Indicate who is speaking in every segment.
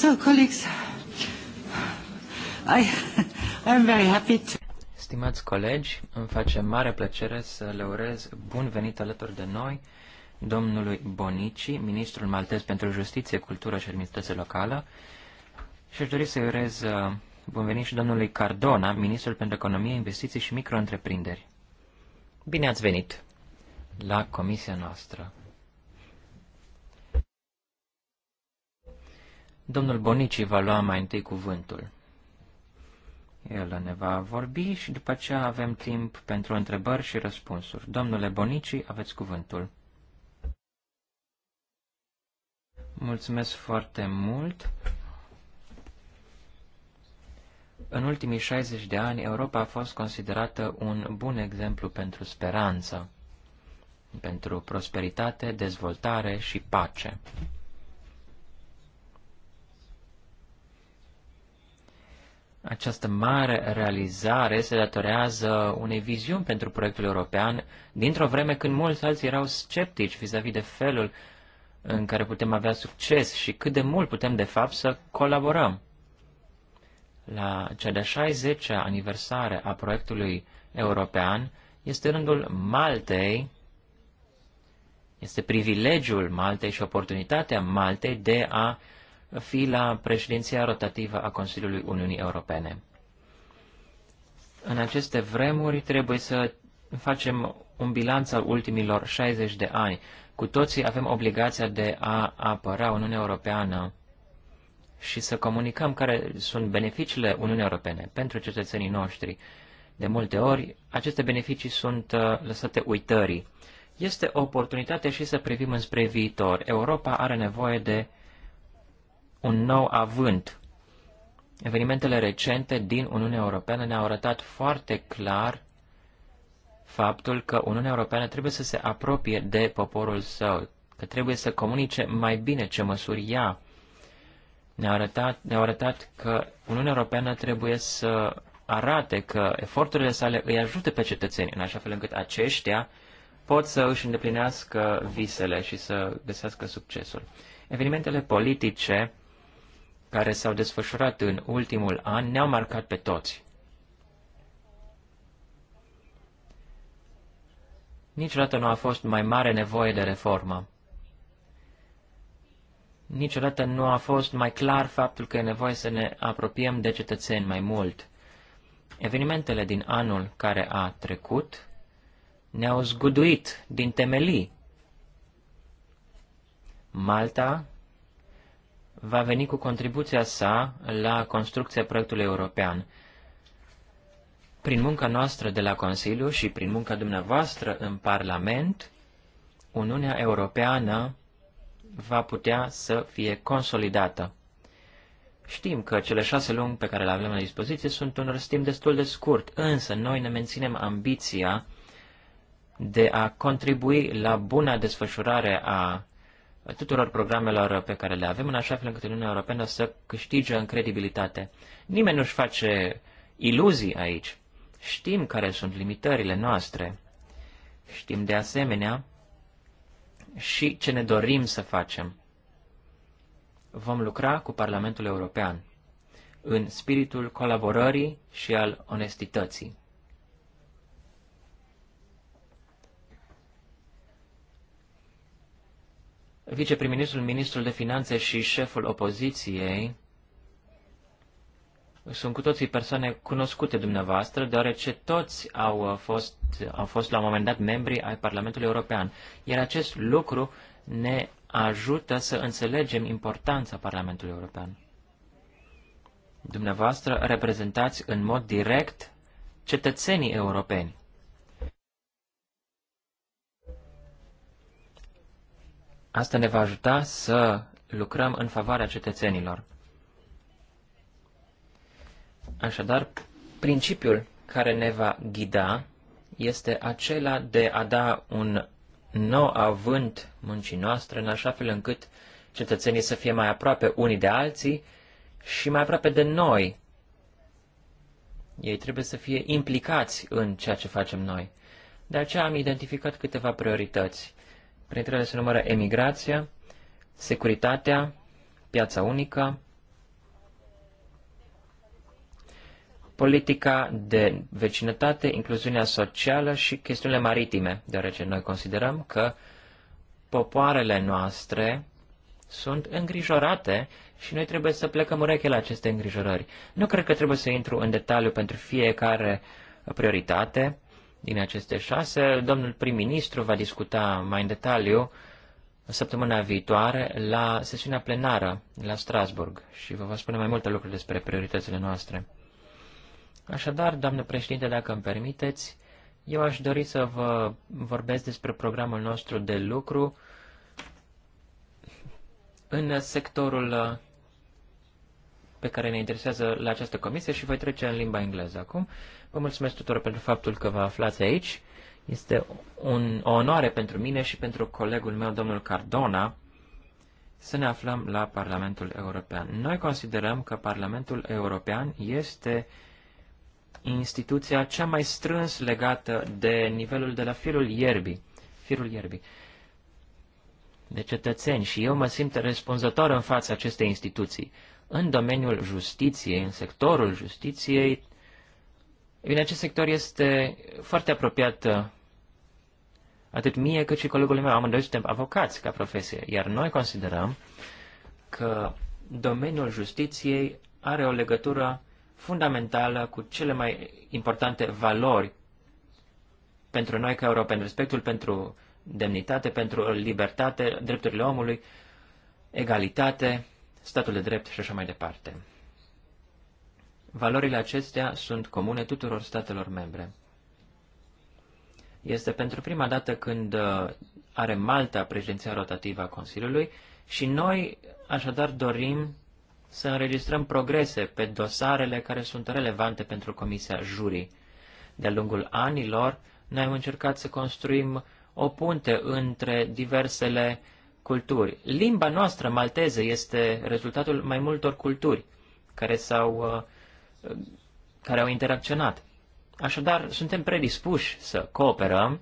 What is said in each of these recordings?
Speaker 1: So, colleagues, I, I'm very happy to...
Speaker 2: Stimați colegi, îmi face mare plăcere să le urez bun venit alături de noi domnului Bonici, ministrul maltez pentru justiție, cultură și administrație locală, și aș dori să-i urez uh, bun venit și domnului Cardona, ministrul pentru economie, investiții și micro-întreprinderi. Bine ați venit la comisia noastră. Domnul Bonici va lua mai întâi cuvântul. El ne va vorbi și după aceea avem timp pentru întrebări și răspunsuri. Domnule Bonici, aveți cuvântul. Mulțumesc foarte mult. În ultimii 60 de ani, Europa a fost considerată un bun exemplu pentru speranță, pentru prosperitate, dezvoltare și pace. Această mare realizare se datorează unei viziuni pentru proiectul european, dintr-o vreme când mulți alții erau sceptici vis-a-vis -vis de felul în care putem avea succes și cât de mult putem, de fapt, să colaborăm. La cea de-a 60-a aniversare a proiectului european este rândul Maltei, este privilegiul Maltei și oportunitatea Maltei de a uh, fi la președinția rotativă a Consiliului Uniunii Europene. În aceste vremuri trebuie să facem un bilanț al ultimilor 60 de ani. Cu toții avem obligația de a apăra Uniunea Europeană și să comunicăm care sunt beneficiile Uniunii Europene pentru cetățenii noștri. De multe ori, aceste beneficii sunt uh, lăsate uitării. Este o oportunitate și să privim înspre viitor. Europa are nevoie de un nou avânt. Evenimentele recente din Uniunea Europeană ne-au arătat foarte clar faptul că Uniunea Europeană trebuie să se apropie de poporul său, că trebuie să comunice mai bine ce măsuri ia. Ne-au arătat, ne arătat că Uniunea Europeană trebuie să arate că eforturile sale îi ajută pe cetățeni, în așa fel încât aceștia pot să își îndeplinească visele și să găsească succesul. Evenimentele politice care s-au desfășurat în ultimul an ne-au marcat pe toți. Niciodată nu a fost mai mare nevoie de reformă. Niciodată nu a fost mai clar faptul că e nevoie să ne apropiem de cetățeni mai mult. Evenimentele din anul care a trecut ne-au zguduit din temelii. Malta va veni cu contribuția sa la construcția proiectului european. Prin munca noastră de la Consiliu și prin munca dumneavoastră în Parlament, Uniunea Europeană va putea să fie consolidată. Știm că cele șase luni pe care le avem la dispoziție sunt un timp destul de scurt, însă noi ne menținem ambiția de a contribui la buna desfășurare a tuturor programelor pe care le avem, în așa fel încât Uniunea Europeană să câștige în credibilitate. Nimeni nu-și face iluzii aici. Știm care sunt limitările noastre. Știm de asemenea și ce ne dorim să facem. Vom lucra cu Parlamentul European în spiritul colaborării și al onestității. viceprim-ministrul, ministrul de finanțe și șeful opoziției sunt cu toții persoane cunoscute dumneavoastră, deoarece toți au uh, fost, au fost la un moment dat membri ai Parlamentului European. Iar acest lucru ne ajută să înțelegem importanța Parlamentului European. Dumneavoastră reprezentați în mod direct cetățenii europeni. Asta ne va ajuta să lucrăm în favoarea cetățenilor. Așadar, principiul care ne va ghida este acela de a da un nou avânt muncii noastre, în așa fel încât cetățenii să fie mai aproape unii de alții și mai aproape de noi. Ei trebuie să fie implicați în ceea ce facem noi. De aceea am identificat câteva priorități. Printre ele se numără emigrația, securitatea, piața unică, politica de vecinătate, incluziunea socială și chestiunile maritime, deoarece noi considerăm că popoarele noastre sunt îngrijorate și noi trebuie să plecăm ureche la aceste îngrijorări. Nu cred că trebuie să intru în detaliu pentru fiecare prioritate, din aceste șase. Domnul prim-ministru va discuta mai în detaliu săptămâna viitoare la sesiunea plenară la Strasburg și vă va spune mai multe lucruri despre prioritățile noastre. Așadar, doamnă președinte, dacă îmi permiteți, eu aș dori să vă vorbesc despre programul nostru de lucru în sectorul pe care ne interesează la această comisie și voi trece în limba engleză acum. Vă mulțumesc tuturor pentru faptul că vă aflați aici. Este un, o onoare pentru mine și pentru colegul meu, domnul Cardona, să ne aflăm la Parlamentul European. Noi considerăm că Parlamentul European este instituția cea mai strâns legată de nivelul de la firul ierbii. Firul ierbii de cetățeni și eu mă simt răspunzător în fața acestei instituții. În domeniul justiției, în sectorul justiției, bine, acest sector este foarte apropiat uh, atât mie cât și colegului meu. Amândoi suntem avocați ca profesie, iar noi considerăm că domeniul justiției are o legătură fundamentală cu cele mai importante valori pentru noi ca europeni, respectul pentru demnitate, pentru libertate, drepturile omului, egalitate statul de drept și așa mai departe. Valorile acestea sunt comune tuturor statelor membre. Este pentru prima dată când uh, are Malta președinția rotativă a Consiliului și noi așadar dorim să înregistrăm progrese pe dosarele care sunt relevante pentru Comisia Jurii. De-a lungul anilor, noi am încercat să construim o punte între diversele uh, culturi. Limba noastră malteză este rezultatul mai multor culturi care, s-au, uh, care au interacționat. Așadar, suntem predispuși să cooperăm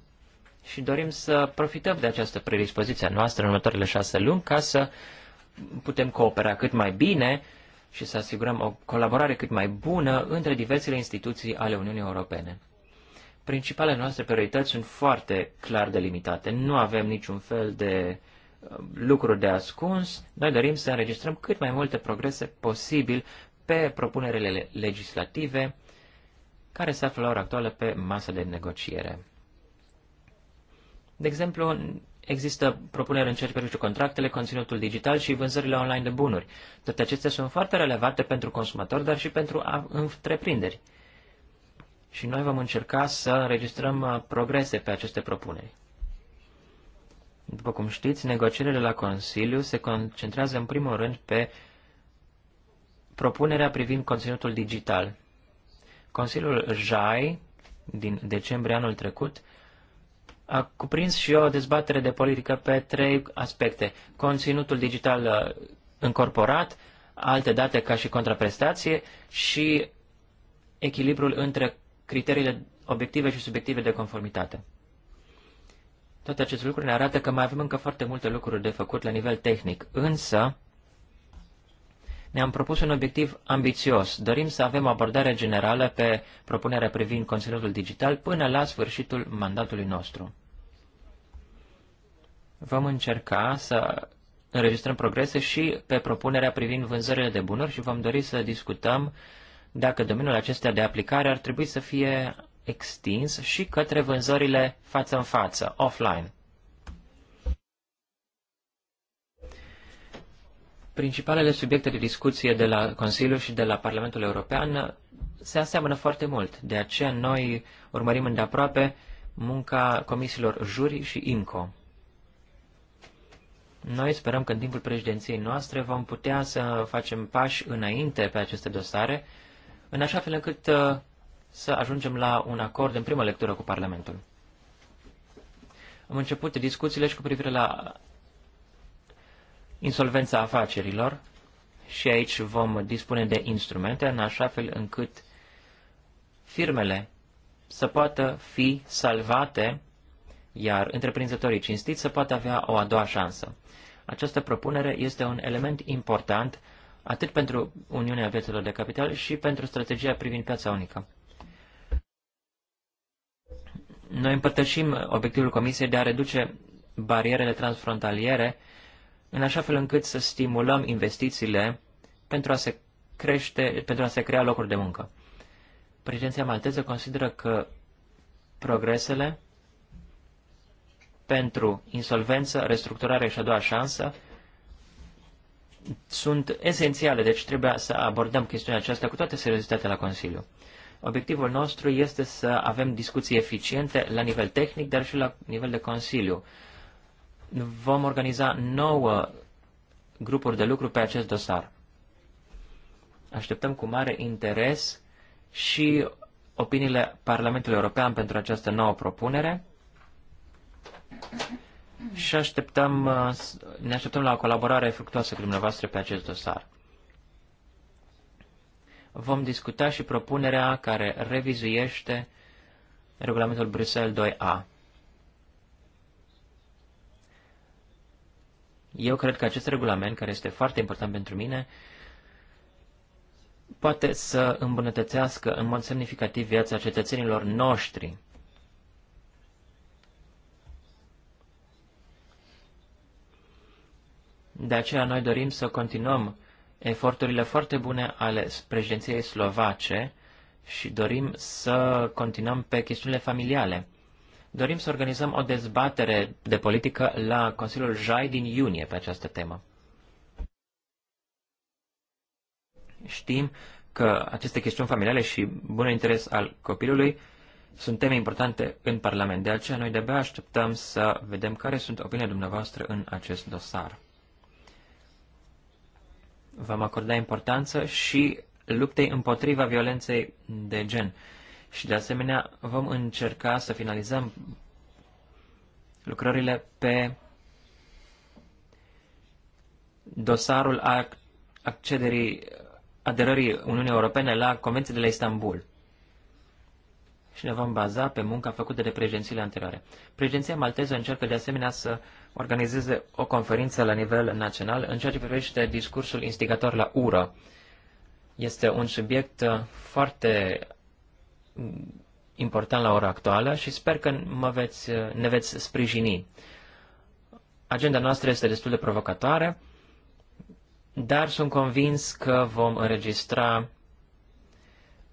Speaker 2: și dorim să profităm de această predispoziție a noastră în următoarele șase luni ca să putem coopera cât mai bine și să asigurăm o colaborare cât mai bună între diversele instituții ale Uniunii Europene. Principalele noastre priorități sunt foarte clar delimitate. Nu avem niciun fel de uh, lucruri de ascuns, noi dorim să înregistrăm cât mai multe progrese posibil pe propunerile legislative care se află la ora actuală pe masa de negociere. De exemplu, există propuneri în ceea ce privește contractele, conținutul digital și vânzările online de bunuri. Toate acestea sunt foarte relevante pentru consumatori, dar și pentru întreprinderi. Și noi vom încerca să înregistrăm uh, progrese pe aceste propuneri. După cum știți, negocierile la Consiliu se concentrează în primul rând pe propunerea privind conținutul digital. Consiliul JAI din decembrie anul trecut a cuprins și o dezbatere de politică pe trei aspecte. Conținutul digital uh, încorporat, alte date ca și contraprestație și echilibrul între criteriile obiective și subiective de conformitate. Toate aceste lucruri ne arată că mai avem încă foarte multe lucruri de făcut la nivel tehnic, însă ne-am propus un obiectiv ambițios. Dorim să avem abordare generală pe propunerea privind conținutul digital până la sfârșitul mandatului nostru. Vom încerca să înregistrăm progrese și pe propunerea privind vânzările de bunuri și vom dori să discutăm dacă domeniul acesta de aplicare ar trebui să fie extins și către vânzările față în față, offline. Principalele subiecte de discuție de la Consiliu și de la Parlamentul European se aseamănă foarte mult, de aceea noi urmărim îndeaproape munca comisiilor juri și IMCO. Noi sperăm că în timpul președinției noastre vom putea să facem pași înainte pe aceste dosare, în așa fel încât uh, să ajungem la un acord în primă lectură cu Parlamentul. Am început discuțiile și cu privire la insolvența afacerilor și aici vom dispune de instrumente în așa fel încât firmele să poată fi salvate, iar întreprinzătorii cinstiți să poată avea o a doua șansă. Această propunere este un element important atât pentru Uniunea Piețelor de Capital și pentru strategia privind piața unică. Noi împărtășim obiectivul Comisiei de a reduce barierele transfrontaliere în așa fel încât să stimulăm investițiile pentru a se, crește, pentru a se crea locuri de muncă. Președinția malteză consideră că progresele pentru insolvență, restructurare și a doua șansă sunt esențiale, deci trebuie să abordăm chestiunea aceasta cu toată seriozitatea la Consiliu. Obiectivul nostru este să avem discuții eficiente la nivel tehnic, dar și la nivel de Consiliu. Vom organiza nouă grupuri de lucru pe acest dosar. Așteptăm cu mare interes și opiniile Parlamentului European pentru această nouă propunere și așteptăm, ne așteptăm la o colaborare fructuoasă cu dumneavoastră pe acest dosar vom discuta și propunerea care revizuiește regulamentul Bruxelles 2A. Eu cred că acest regulament, care este foarte important pentru mine, poate să îmbunătățească în mod semnificativ viața cetățenilor noștri. De aceea noi dorim să continuăm eforturile foarte bune ale președinției slovace și dorim să continuăm pe chestiunile familiale. Dorim să organizăm o dezbatere de politică la Consiliul Jai din iunie pe această temă. Știm că aceste chestiuni familiale și bunul interes al copilului sunt teme importante în Parlament. De aceea, noi de-abia așteptăm să vedem care sunt opiniile dumneavoastră în acest dosar vom acorda importanță și luptei împotriva violenței de gen. Și de asemenea vom încerca să finalizăm lucrările pe dosarul accederii, aderării Uniunii Europene la Convenția de la Istanbul. Și ne vom baza pe munca făcută de președințiile anterioare. Președinția malteză încearcă de asemenea să uh, organizeze o conferință la nivel național în ceea ce privește discursul instigator la ură. Este un subiect uh, foarte mm, important la ora actuală și sper că mă veți, uh, ne veți sprijini. Agenda noastră este destul de provocatoare, dar sunt convins că vom înregistra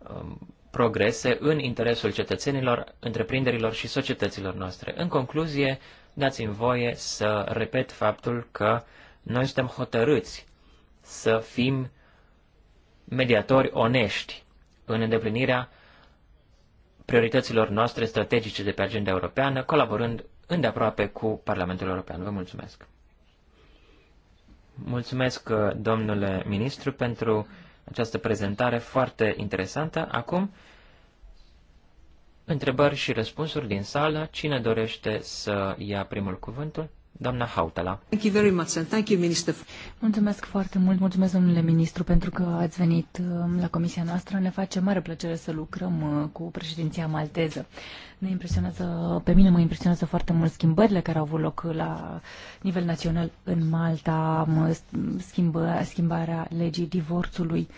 Speaker 2: um, progrese în interesul cetățenilor, întreprinderilor și societăților noastre. În concluzie, dați-mi voie să repet faptul că noi suntem hotărâți să fim mediatori onești în îndeplinirea priorităților noastre strategice de pe agenda europeană, colaborând îndeaproape cu Parlamentul European. Vă mulțumesc! Mulțumesc, domnule ministru, pentru această prezentare foarte interesantă. Acum Întrebări și răspunsuri din sală. Cine dorește să ia primul cuvântul? Doamna Hautala.
Speaker 3: Thank you very much and thank you, Minister. Mulțumesc foarte mult, mulțumesc domnule ministru pentru că ați venit uh, la comisia noastră. Ne face mare plăcere să lucrăm uh, cu președinția malteză. Ne impresionează, pe mine mă impresionează foarte mult schimbările care au avut loc la nivel național în Malta, schimbă, schimbarea legii divorțului. Uh,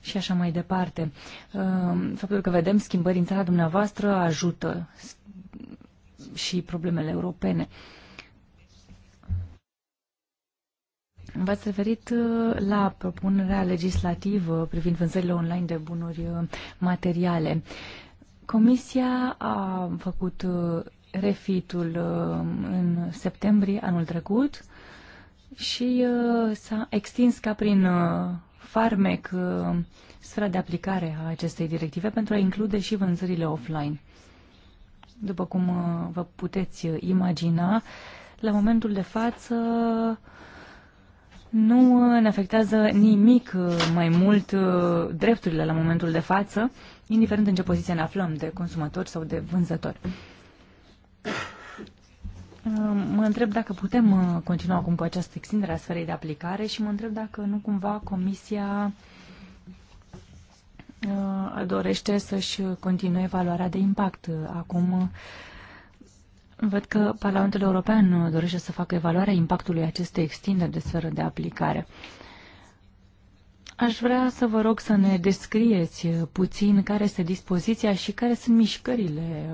Speaker 3: și așa mai departe. Ehm, faptul că vedem schimbări în țara dumneavoastră ajută și problemele europene. V-ați referit eh, la propunerea legislativă privind vânzările online de bunuri eh, materiale. Comisia a făcut eh, refitul în septembrie anul trecut și s-a extins ca prin farmec uh, sfera de aplicare a acestei directive pentru a include și vânzările offline. După cum uh, vă puteți uh, imagina, la momentul de față nu ne afectează nimic mai mult drepturile la momentul de față, indiferent în ce poziție ne aflăm, de consumatori sau de vânzători. Uh, mă întreb dacă putem uh, continua acum cu această extindere a sferei de aplicare și mă întreb dacă nu cumva Comisia uh, dorește să-și continue evaluarea de impact. Acum văd că Parlamentul European dorește să facă evaluarea impactului acestei extinderi de sferă de aplicare. Aș vrea să vă rog să ne descrieți puțin care este dispoziția și care sunt mișcările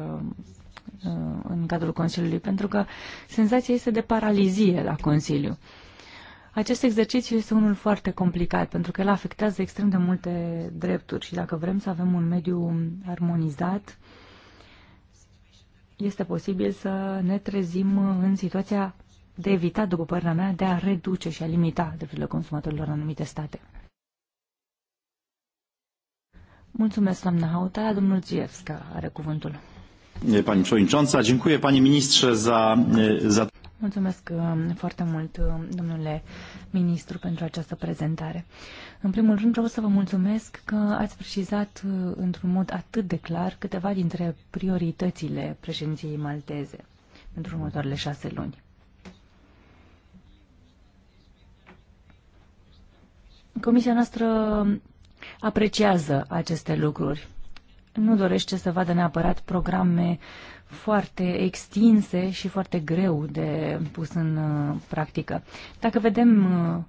Speaker 3: Uh, în cadrul Consiliului, pentru că senzația este de paralizie la Consiliu. Acest exercițiu este unul foarte complicat, pentru că el afectează extrem de multe drepturi și dacă vrem să avem un mediu armonizat, este posibil să ne trezim în situația de evitat, după părerea mea, de a reduce și a limita drepturile consumatorilor în anumite state. Mulțumesc, doamna Hauta. Domnul Zievska are cuvântul.
Speaker 4: Pani Przewodnicząca, dziękuję Panie Ministrze za, za...
Speaker 3: Mulțumesc foarte mult, domnule ministru, pentru această prezentare. În primul rând, vreau să vă mulțumesc că ați precizat într-un mod atât de clar câteva dintre prioritățile președinției malteze pentru următoarele șase luni. Comisia noastră apreciază aceste lucruri nu dorește să vadă neapărat programe foarte extinse și foarte greu de pus în uh, practică. Dacă vedem uh,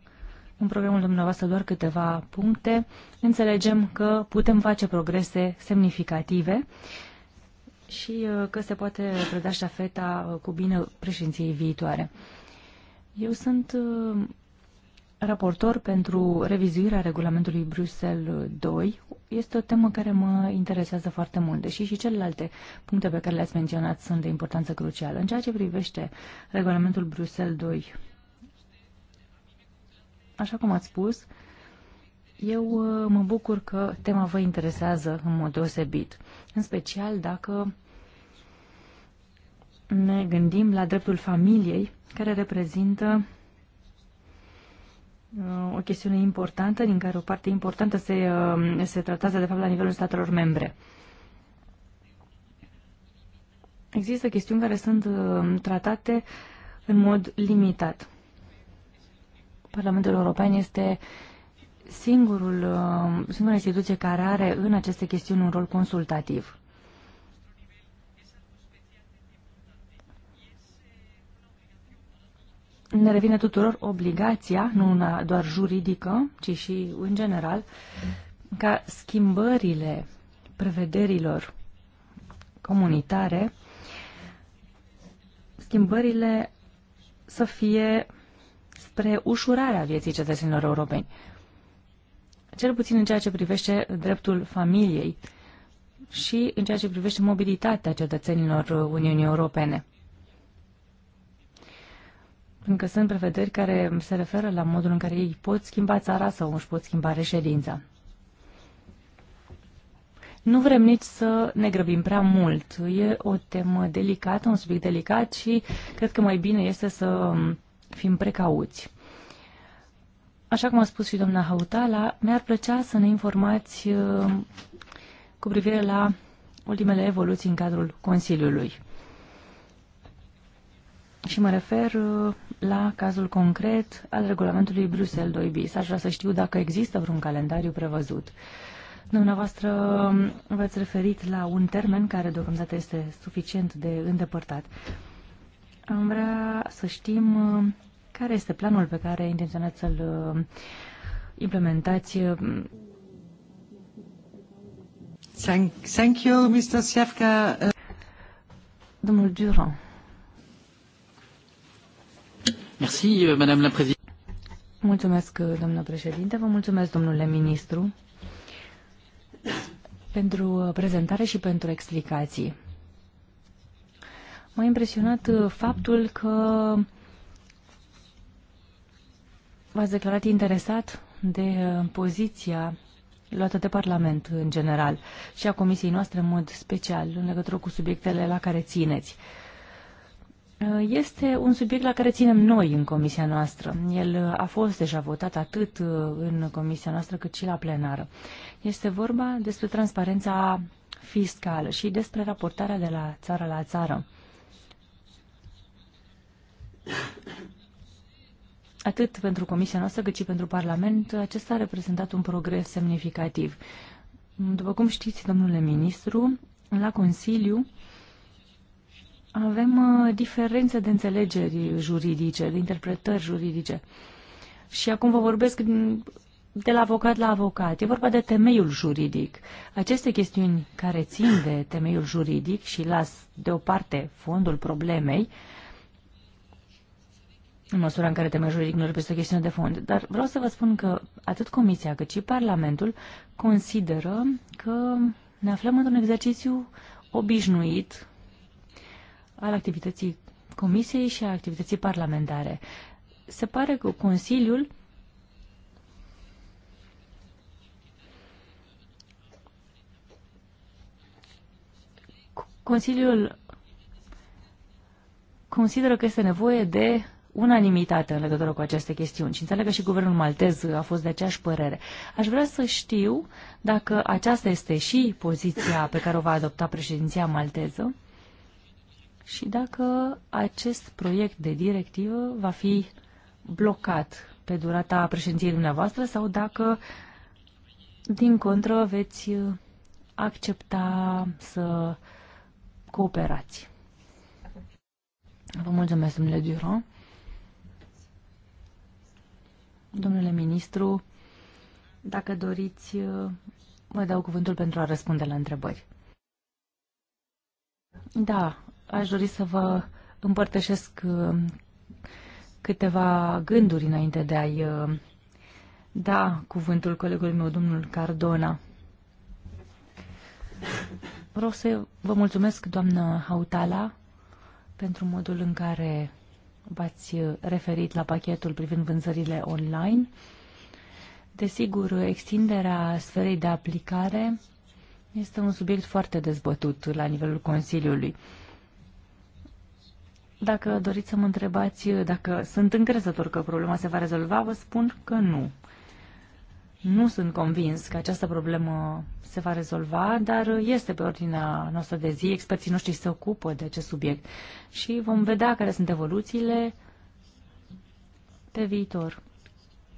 Speaker 3: în programul dumneavoastră doar câteva puncte, înțelegem că putem face progrese semnificative și uh, că se poate preda ștafeta cu bine președinției viitoare. Eu sunt raportor pentru revizuirea regulamentului Bruxelles 2. Este o temă care mă interesează foarte mult, deși și celelalte puncte pe care le-ați menționat sunt de importanță crucială. În ceea ce privește regulamentul Bruxelles 2, așa cum ați spus, eu uh, mă bucur că tema vă interesează în mod deosebit, în special dacă ne gândim la dreptul familiei, care reprezintă Uh, o chestiune importantă, din care o parte importantă se, uh, se tratează, de fapt, la nivelul statelor membre. Există chestiuni care sunt uh, tratate în mod limitat. Parlamentul European este singurul, singura instituție care are în aceste chestiuni un rol consultativ. ne revine tuturor obligația, nu una doar juridică, ci și în general, ca schimbările prevederilor comunitare, schimbările să fie spre ușurarea vieții cetățenilor europeni. Cel puțin în ceea ce privește dreptul familiei și în ceea ce privește mobilitatea cetățenilor Uniunii Europene pentru că sunt prevederi care se referă la modul în care ei pot schimba țara sau își pot schimba reședința. Nu vrem nici să ne grăbim prea mult. E o temă delicată, un subiect delicat și cred că mai bine este să fim precauți. Așa cum a spus și doamna Hautala, mi-ar plăcea să ne informați uh, cu privire la ultimele evoluții în cadrul Consiliului. Și mă refer uh, la cazul concret al regulamentului Bruxelles 2 bis. Aș vrea să știu dacă există vreun calendariu prevăzut. Dumneavoastră v-ați referit la un termen care deocamdată este suficient de îndepărtat. Am vrea să știm uh, care este planul pe care intenționați să-l uh, implementați. Uh, thank, thank you, Mr. Siefka. Domnul Durand.
Speaker 1: Merci, euh, Madame la Présidente.
Speaker 3: Mulțumesc, uh, doamnă președinte, vă mulțumesc, domnule ministru, pentru uh, prezentare și pentru explicații. M-a impresionat uh, faptul că v-ați declarat interesat de poziția luată de Parlament în general și a Comisiei noastre în mod special în legătură cu subiectele la care țineți. Uh, Uh, este un subiect la care ținem noi în comisia noastră. El uh, a fost deja votat atât uh, în comisia noastră cât și la plenară. Este vorba despre transparența fiscală și despre raportarea de la țară la țară. Atât pentru comisia noastră cât și pentru Parlament, acesta a reprezentat un progres semnificativ. După cum știți, domnule ministru, la Consiliu, avem uh, diferențe de înțelegeri juridice, de interpretări juridice. Și acum vă vorbesc de la avocat la avocat. E vorba de temeiul juridic. Aceste chestiuni care țin de temeiul juridic și las deoparte fondul problemei, în măsura în care temeiul juridic nu reprezintă o chestiune de fond. Dar vreau să vă spun că atât Comisia cât și Parlamentul consideră că ne aflăm într-un exercițiu obișnuit al activității Comisiei și a activității parlamentare. Se pare că Consiliul Consiliul consideră că este nevoie de unanimitate în legătură cu aceste chestiuni și înțeleg că și guvernul maltez a fost de aceeași părere. Aș vrea să știu dacă aceasta este și poziția pe care o va adopta președinția malteză și dacă acest proiect de directivă va fi blocat pe durata președinției dumneavoastră sau dacă, din contră, veți uh, accepta să cooperați. Vă mulțumesc, domnule Durand. Domnule ministru, dacă doriți, uh, vă dau cuvântul pentru a răspunde la întrebări. Da, aș dori să vă împărtășesc uh, câteva gânduri înainte de a-i uh, da cuvântul colegului meu, domnul Cardona. Vreau să vă mulțumesc, doamnă Hautala, pentru modul în care v-ați referit la pachetul privind vânzările online. Desigur, extinderea sferei de aplicare este un subiect foarte dezbătut la nivelul Consiliului. Dacă doriți să mă întrebați dacă sunt încrezător că problema se va rezolva, vă spun că nu. Nu sunt convins că această problemă se va rezolva, dar este pe ordinea noastră de zi. Experții noștri se ocupă de acest subiect și vom vedea care sunt evoluțiile pe viitor.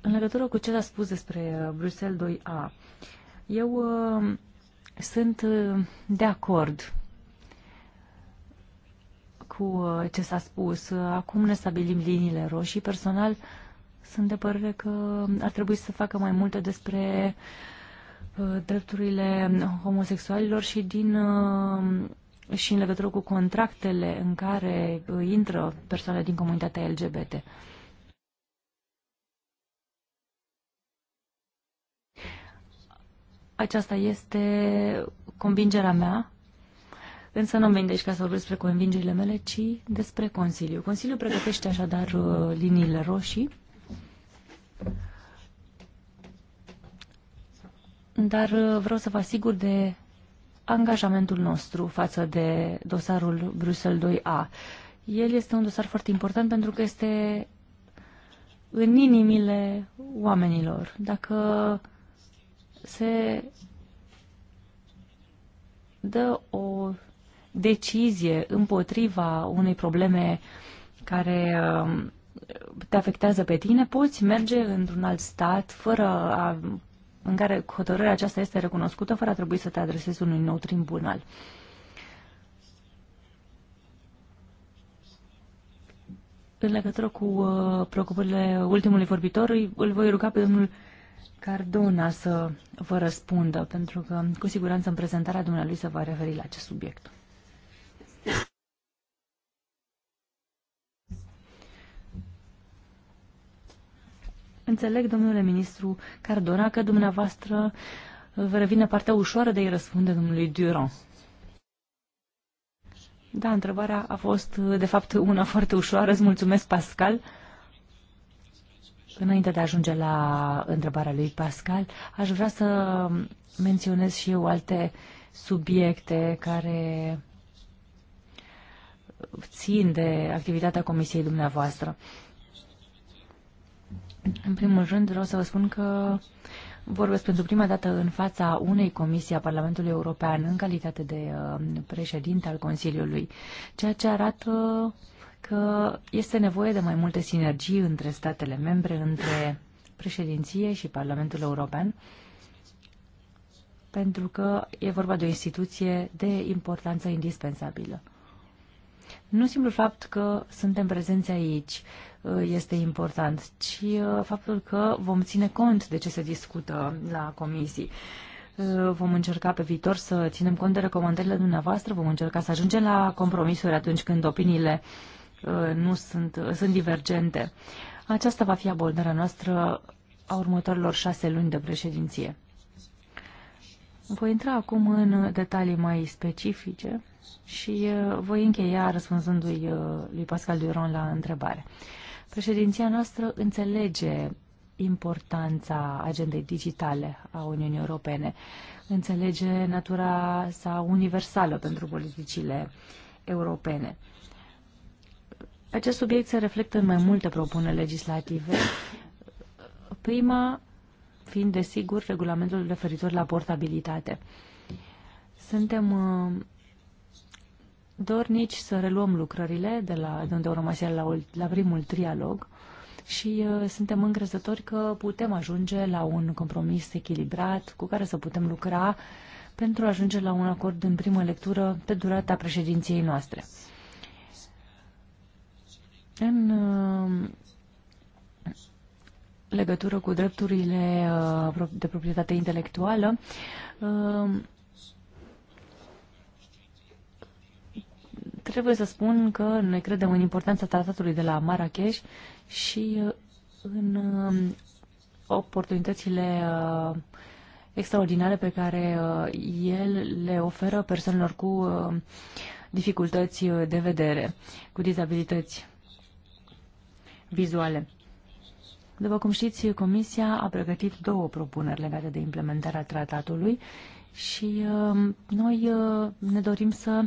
Speaker 3: În legătură cu ce a spus despre uh, Bruxelles 2A, eu uh, sunt uh, de acord cu uh, ce s-a spus. Uh, acum ne stabilim liniile roșii. Personal, sunt de părere că ar trebui să facă mai multe despre uh, drepturile homosexualilor și din și în legătură cu contractele în care intră persoane din comunitatea LGBT. Aceasta este convingerea mea Însă nu am venit aici ca să vorbesc despre convingerile mele, ci despre Consiliu. Consiliu pregătește așadar uh, liniile roșii, dar uh, vreau să vă asigur de angajamentul nostru față de dosarul Bruxelles 2A. El este un dosar foarte important pentru că este în inimile oamenilor. Dacă se dă o decizie împotriva unei probleme care um, te afectează pe tine, poți merge într-un alt stat fără a, în care hotărârea aceasta este recunoscută fără a trebui să te adresezi unui nou tribunal. În legătură cu uh, preocupările ultimului vorbitor, îl voi ruga pe domnul Cardona să vă răspundă, pentru că cu siguranță în prezentarea dumnealui se va referi la acest subiect. Înțeleg, domnule ministru Cardona, că dumneavoastră vă revine partea ușoară de a-i răspunde domnului Durand. Da, întrebarea a fost, de fapt, una foarte ușoară. Îți mulțumesc, Pascal. Înainte de a ajunge la întrebarea lui Pascal, aș vrea să menționez și eu alte subiecte care țin de activitatea comisiei dumneavoastră. În primul rând vreau să vă spun că vorbesc pentru prima dată în fața unei comisii a Parlamentului European în calitate de uh, președinte al Consiliului, ceea ce arată că este nevoie de mai multe sinergii între statele membre, între președinție și Parlamentul European, pentru că e vorba de o instituție de importanță indispensabilă. Nu simplu fapt că suntem prezenți aici, Uh, este important, ci uh, faptul că vom ține cont de ce se discută la comisii. Uh, vom încerca pe viitor să ținem cont de recomandările dumneavoastră, vom încerca să ajungem la compromisuri atunci când opiniile nu sunt, sunt divergente. Aceasta va fi abordarea noastră a următorilor șase luni de președinție. Voi intra acum în detalii mai specifice și voi încheia răspunzându-i lui Pascal Duron la întrebare. Președinția noastră înțelege importanța agendei digitale a Uniunii Europene, înțelege natura sa universală pentru politicile europene. Acest subiect se reflectă în mai multe propuneri legislative. Prima fiind, desigur, regulamentul referitor la portabilitate. Suntem uh, dornici să reluăm lucrările de, la, de unde au rămas la, la primul trialog și uh, suntem încrezători că putem ajunge la un compromis echilibrat cu care să putem lucra pentru a ajunge la un acord în primă lectură pe durata președinției noastre. În uh, legătură cu drepturile uh, de proprietate intelectuală, uh, trebuie să spun că noi credem în importanța tratatului de la Marrakesh și uh, în uh, oportunitățile uh, extraordinare pe care el le oferă persoanelor cu dificultăți de vedere, cu dizabilități vizuale. După cum știți, Comisia a pregătit două propuneri legate de implementarea tratatului și uh, noi uh, ne dorim să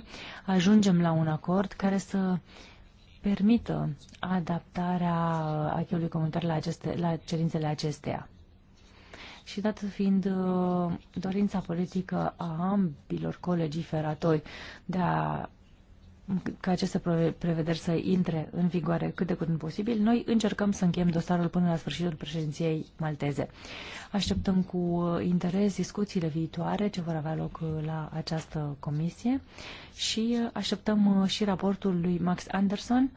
Speaker 3: ajungem la un acord care să permită adaptarea acelui comunitar la, aceste, la cerințele acesteia. Și dat fiind uh, dorința politică a ambilor colegii feratoi, de a ca aceste prevederi să intre în vigoare cât de curând posibil, noi încercăm să încheiem dosarul până la sfârșitul președinției malteze. Așteptăm cu interes discuțiile viitoare ce vor avea loc la această comisie și așteptăm și raportul lui Max Anderson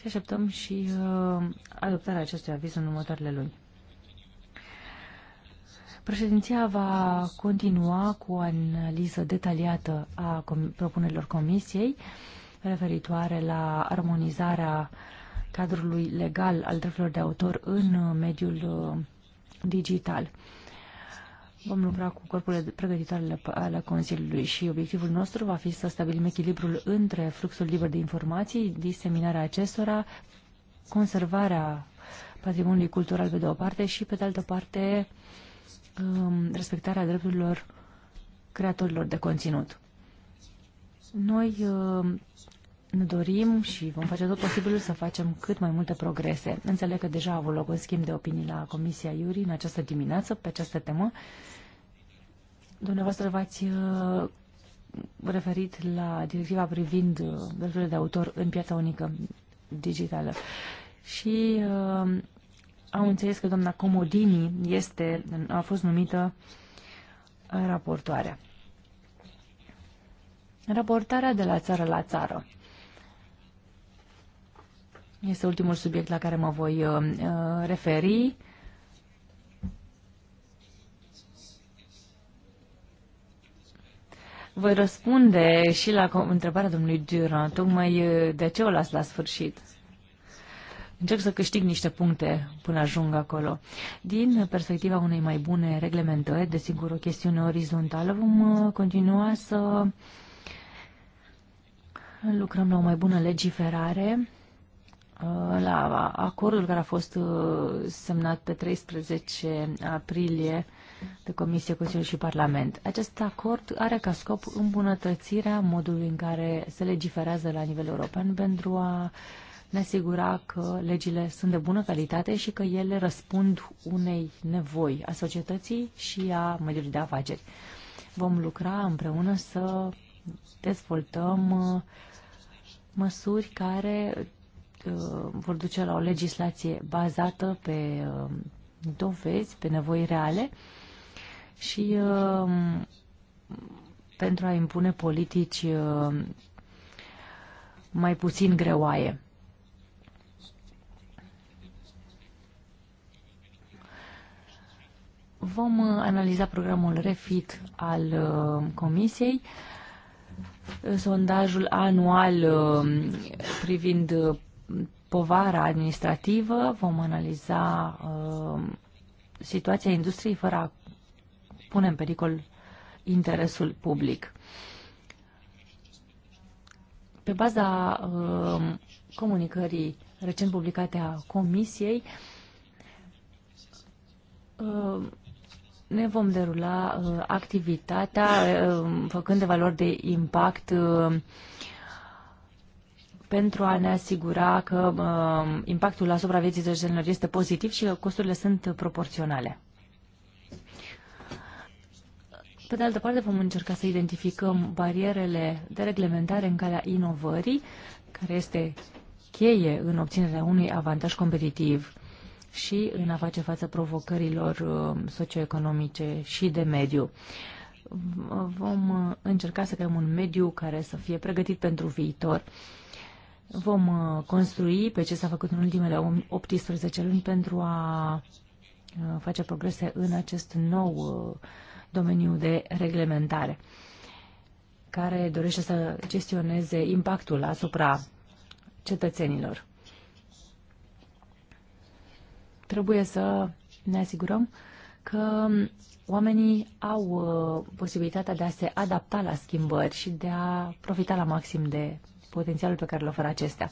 Speaker 3: și așteptăm și uh, adoptarea acestui aviz în următoarele luni. Președinția va continua cu o analiză detaliată a propunerilor Comisiei referitoare la armonizarea cadrului legal al drepturilor de autor în mediul uh, digital. Vom lucra cu corpurile pregătitoare ale Consiliului și obiectivul nostru va fi să stabilim echilibrul între fluxul liber de informații, diseminarea acestora, conservarea patrimoniului cultural pe de o parte și pe de altă parte Um, respectarea drepturilor creatorilor de conținut. Noi um, ne dorim și vom face tot posibilul să facem cât mai multe progrese. Înțeleg că deja a avut loc un schimb de opinii la Comisia Iuri în această dimineață pe această temă. Dumneavoastră v-ați uh, referit la directiva privind uh, drepturile de autor în piața unică digitală. Și uh, am înțeles că doamna Comodini este, a fost numită uh, raportoarea. Raportarea de la țară la țară. Este ultimul subiect la care mă voi uh, uh referi. Voi răspunde și la întrebarea domnului Duran, tocmai uh, de ce o las la sfârșit încerc să câștig niște puncte până ajung acolo. Din perspectiva unei mai bune reglementări, desigur o chestiune orizontală, vom uh, continua să lucrăm la o mai bună legiferare, uh, la acordul care a fost uh, semnat pe 13 aprilie de Comisie, Consiliu și Parlament. Acest acord are ca scop îmbunătățirea modului în care se legiferează la nivel european pentru a uh, ne asigura că legile sunt de bună calitate și că ele răspund unei nevoi a societății și a mediului de afaceri. Vom lucra împreună să dezvoltăm uh, măsuri care uh, vor duce la o legislație bazată pe uh, dovezi, pe nevoi reale și pentru a impune politici mai puțin greoaie. Vom uh, analiza programul REFIT al uh, Comisiei, sondajul anual um, privind uh, povara administrativă, vom analiza um, situația industriei fără a pune în pericol interesul public. Pe baza um, comunicării recent publicate a Comisiei, ne vom derula uh, activitatea uh, făcând evaluări de impact uh, pentru a ne asigura că uh, impactul asupra vieții cetățenilor este pozitiv și că costurile sunt proporționale. Pe de altă parte, vom încerca să identificăm barierele de reglementare în calea inovării, care este cheie în obținerea unui avantaj competitiv și în a face față provocărilor uh, socioeconomice și de mediu. Vom uh, încerca să creăm un mediu care să fie pregătit pentru viitor. Vom uh, construi pe ce s-a făcut în ultimele 18 luni pentru a face progrese în acest nou domeniu de reglementare care dorește să gestioneze impactul asupra cetățenilor. Trebuie să ne asigurăm că oamenii au uh, posibilitatea de a se adapta la schimbări și de a profita la maxim de potențialul pe care îl oferă acestea.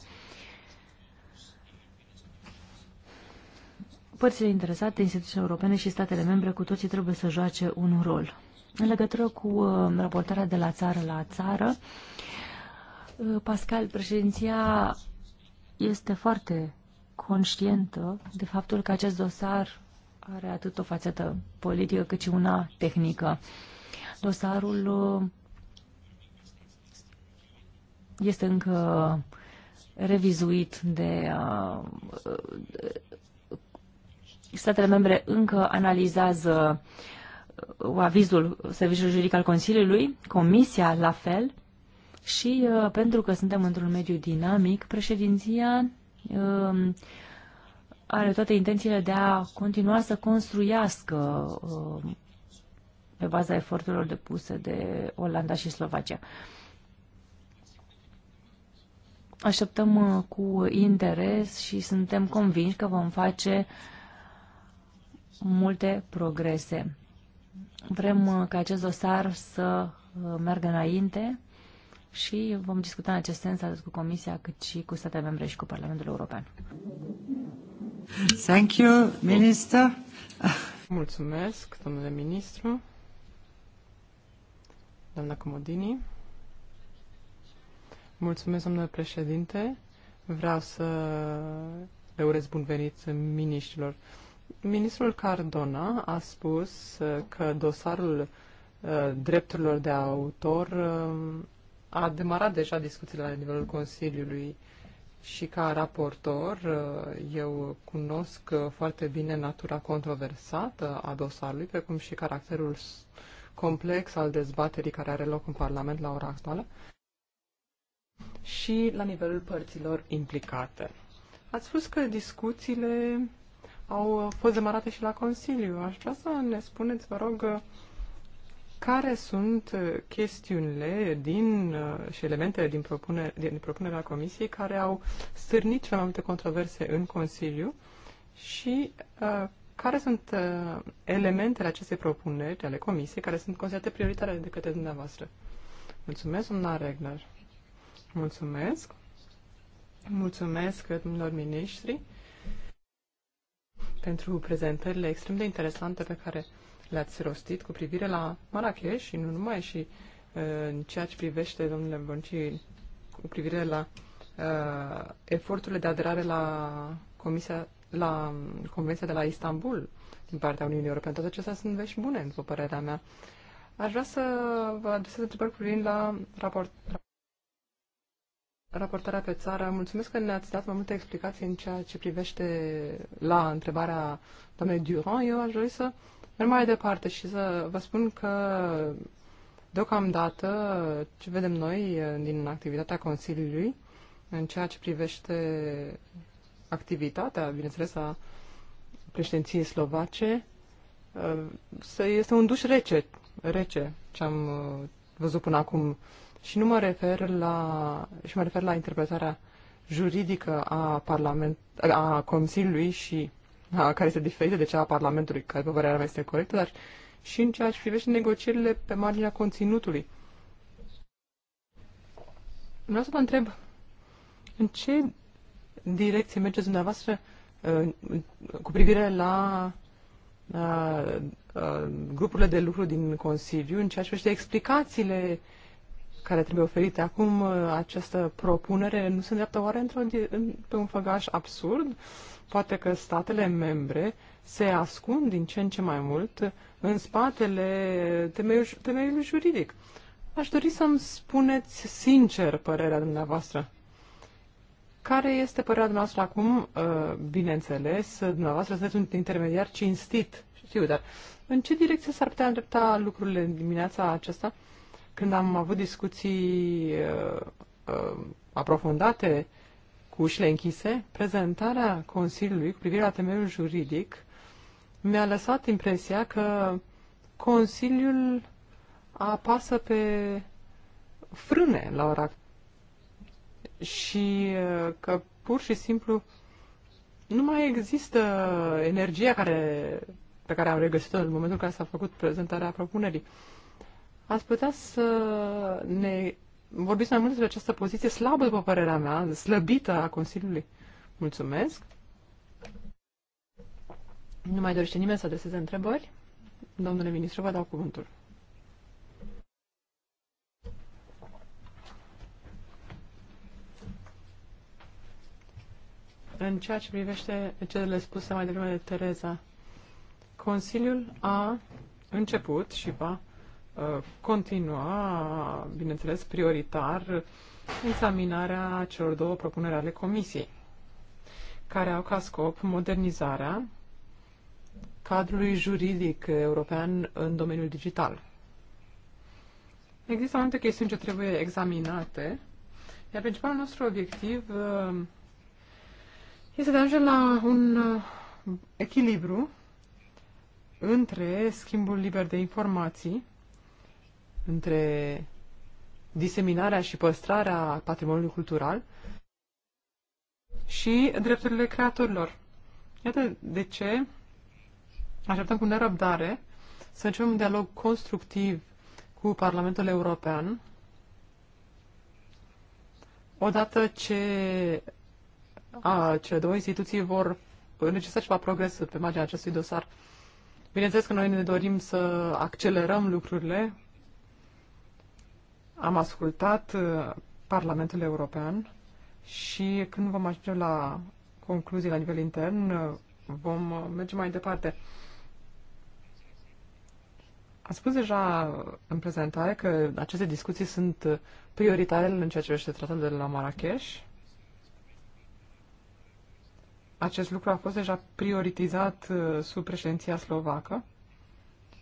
Speaker 3: Părțile interesate, instituțiile europene și statele membre, cu toții trebuie să joace un rol. În legătură cu uh, raportarea de la țară la țară, uh, Pascal, președinția este foarte conștientă de faptul că acest dosar are atât o fațetă politică cât și una tehnică. Dosarul uh, este încă revizuit de uh, statele membre încă analizează uh, avizul Serviciului Juridic al Consiliului, Comisia la fel și pentru că suntem într-un mediu dinamic, președinția Um, are toate intențiile de a continua să construiască um, pe baza eforturilor depuse de Olanda și Slovacia. Așteptăm uh, cu interes și suntem convinși că vom face multe progrese. Vrem uh, ca acest dosar să uh, meargă înainte și vom discuta în acest sens atât cu Comisia cât și cu statele membre și cu Parlamentul European.
Speaker 4: Thank you, Minister. Mulțumesc, domnule ministru. Doamna Comodini. Mulțumesc, domnule președinte. Vreau să le urez bun venit miniștilor. Ministrul Cardona a spus că dosarul uh, drepturilor de autor uh, a demarat deja discuțiile la nivelul Consiliului și ca raportor eh, eu cunosc eh, foarte bine natura controversată a dosarului, precum și caracterul complex al dezbaterii care are loc în Parlament la ora actuală și la nivelul părților implicate. Ați spus că discuțiile au eh, fost demarate și la Consiliu. Aș vrea să ne spuneți, vă rog, care sunt uh, chestiunile din, uh, și elementele din, propune, din propunerea Comisiei care au stârnit cele mai multe controverse în Consiliu și uh, care sunt uh, elementele acestei propuneri ale Comisiei care sunt considerate prioritare de către dumneavoastră. Mulțumesc, doamna Regner. Mulțumesc. Mulțumesc domnilor miniștri pentru prezentările extrem de interesante pe care le-ați rostit cu privire la Marrakesh și nu numai și uh, în ceea ce privește, domnule Bonci, cu privire la uh, eforturile de aderare la Comisia la um, Convenția de la Istanbul din partea Uniunii Europene. Toate acestea sunt vești bune, după părerea mea. Aș vrea să vă adresez întrebări privind la raport, raportarea pe țară. Mulțumesc că ne-ați dat mai multe explicații în ceea ce privește la întrebarea doamnei Durand. Eu aș vrea să Merg mai departe și să vă spun că deocamdată ce vedem noi eh, din activitatea Consiliului în ceea ce privește activitatea, bineînțeles, a președinției slovace, eh, este un duș rece, rece ce am eh, văzut până acum. Și nu mă refer la, și mă refer la interpretarea juridică a, Parlament, a Consiliului și da, care este diferită de cea a Parlamentului, care, pe părerea mea, este corectă, dar și în ceea ce privește negocierile pe marginea conținutului. Vreau să vă întreb, în ce direcție mergeți dumneavoastră uh, cu privire la uh, uh, grupurile de lucru din Consiliu, în ceea ce privește explicațiile care trebuie oferite acum această propunere, nu se îndreaptă oare într-o, pe un făgaș absurd? Uh, Poate că statele membre se ascund din ce în ce mai mult în spatele temeiului juridic. Aș dori să-mi spuneți sincer părerea dumneavoastră. Care este părerea dumneavoastră acum? Uh, bineînțeles, dumneavoastră sunteți un intermediar cinstit, știu, dar în ce direcție s-ar putea îndrepta lucrurile în dimineața aceasta? Când am avut discuții uh, uh, aprofundate cu ușile închise, prezentarea Consiliului cu privire la temeiul juridic mi-a lăsat impresia că Consiliul apasă pe frâne la ora și uh, că pur și simplu nu mai există energia care, pe care am regăsit-o în momentul în care s-a făcut prezentarea propunerii. Ați putea să ne vorbiți mai mult despre această poziție slabă, după părerea mea, slăbită a Consiliului. Mulțumesc. Nu mai dorește nimeni să adreseze întrebări? Domnule ministru, vă dau cuvântul. În ceea ce privește cele spuse mai devreme de Tereza, Consiliul a început și va continua, bineînțeles, prioritar examinarea celor două propuneri ale Comisiei, care au ca scop modernizarea cadrului juridic european în domeniul digital. Există multe chestiuni ce trebuie examinate, iar principalul nostru obiectiv uh, este de a ajunge la un uh, echilibru între schimbul liber de informații între diseminarea și păstrarea patrimoniului cultural și drepturile creatorilor. Iată de ce așteptăm cu nerăbdare să începem un dialog constructiv cu Parlamentul European odată ce a, cele două instituții vor înregistra ceva progres pe marginea acestui dosar. Bineînțeles că noi ne dorim să accelerăm lucrurile, am ascultat uh, Parlamentul European și când vom ajunge la concluzii la nivel intern, uh, vom uh, merge mai departe. A spus deja în prezentare că aceste discuții sunt prioritare în ceea ce privește tratatul de la Marrakesh. Acest lucru a fost deja prioritizat sub președinția slovacă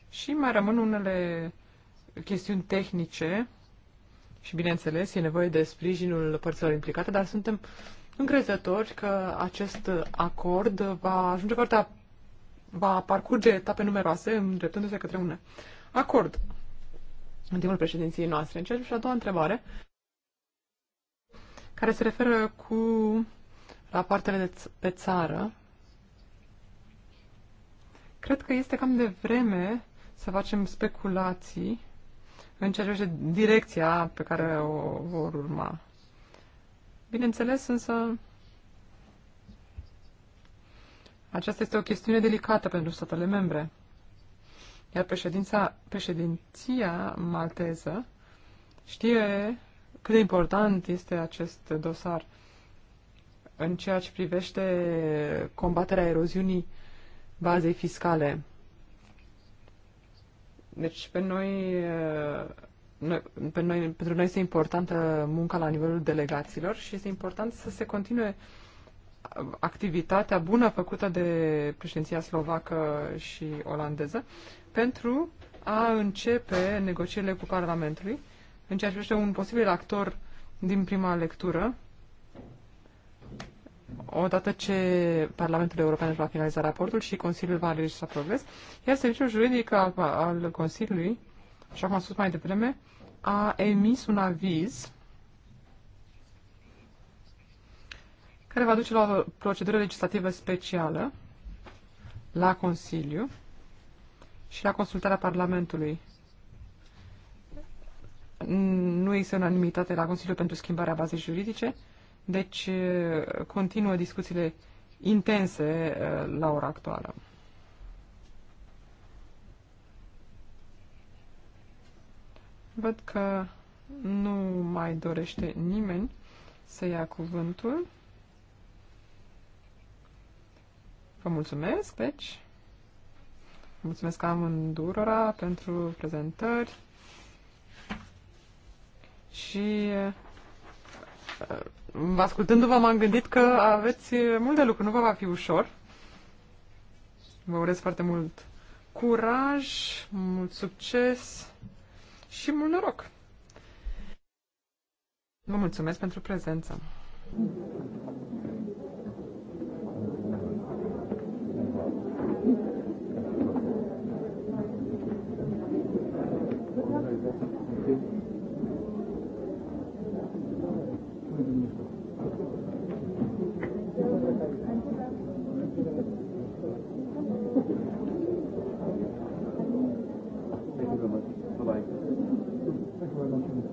Speaker 4: și mai rămân unele chestiuni tehnice și bineînțeles, e nevoie de sprijinul părților implicate, dar suntem încrezători că acest acord va ajunge foarte va parcurge etape numeroase îndreptându-se către un acord în timpul președinției noastre. În și a doua întrebare, care se referă cu rapoartele de ț- pe țară, cred că este cam de vreme să facem speculații în ceea ce privește direcția pe care o vor urma. Bineînțeles, însă, aceasta este o chestiune delicată pentru statele membre. Iar președința, președinția malteză știe cât de important este acest dosar în ceea ce privește combaterea eroziunii bazei fiscale. Deci pe uh, noi, pe noi, pentru noi este importantă munca la nivelul delegațiilor și este important să se continue activitatea bună făcută de președinția slovacă și olandeză pentru a începe negocierile cu Parlamentului în ceea ce privește un posibil actor din prima lectură odată ce Parlamentul European își va finaliza raportul și Consiliul va să progres, iar serviciul juridic al, al Consiliului, așa cum am spus mai devreme, a emis un aviz care va duce la o procedură legislativă specială la Consiliu și la consultarea Parlamentului. Nu există unanimitate la Consiliu pentru schimbarea bazei juridice, deci continuă discuțiile intense la ora actuală. Văd că nu mai dorește nimeni să ia cuvântul. Vă mulțumesc, deci. Mulțumesc amândurora pentru prezentări și ascultându-vă m-am gândit că aveți mult de lucru, nu vă va fi ușor. Vă urez foarte mult curaj, mult succes și mult noroc. Vă mulțumesc pentru prezență.
Speaker 1: Thank you.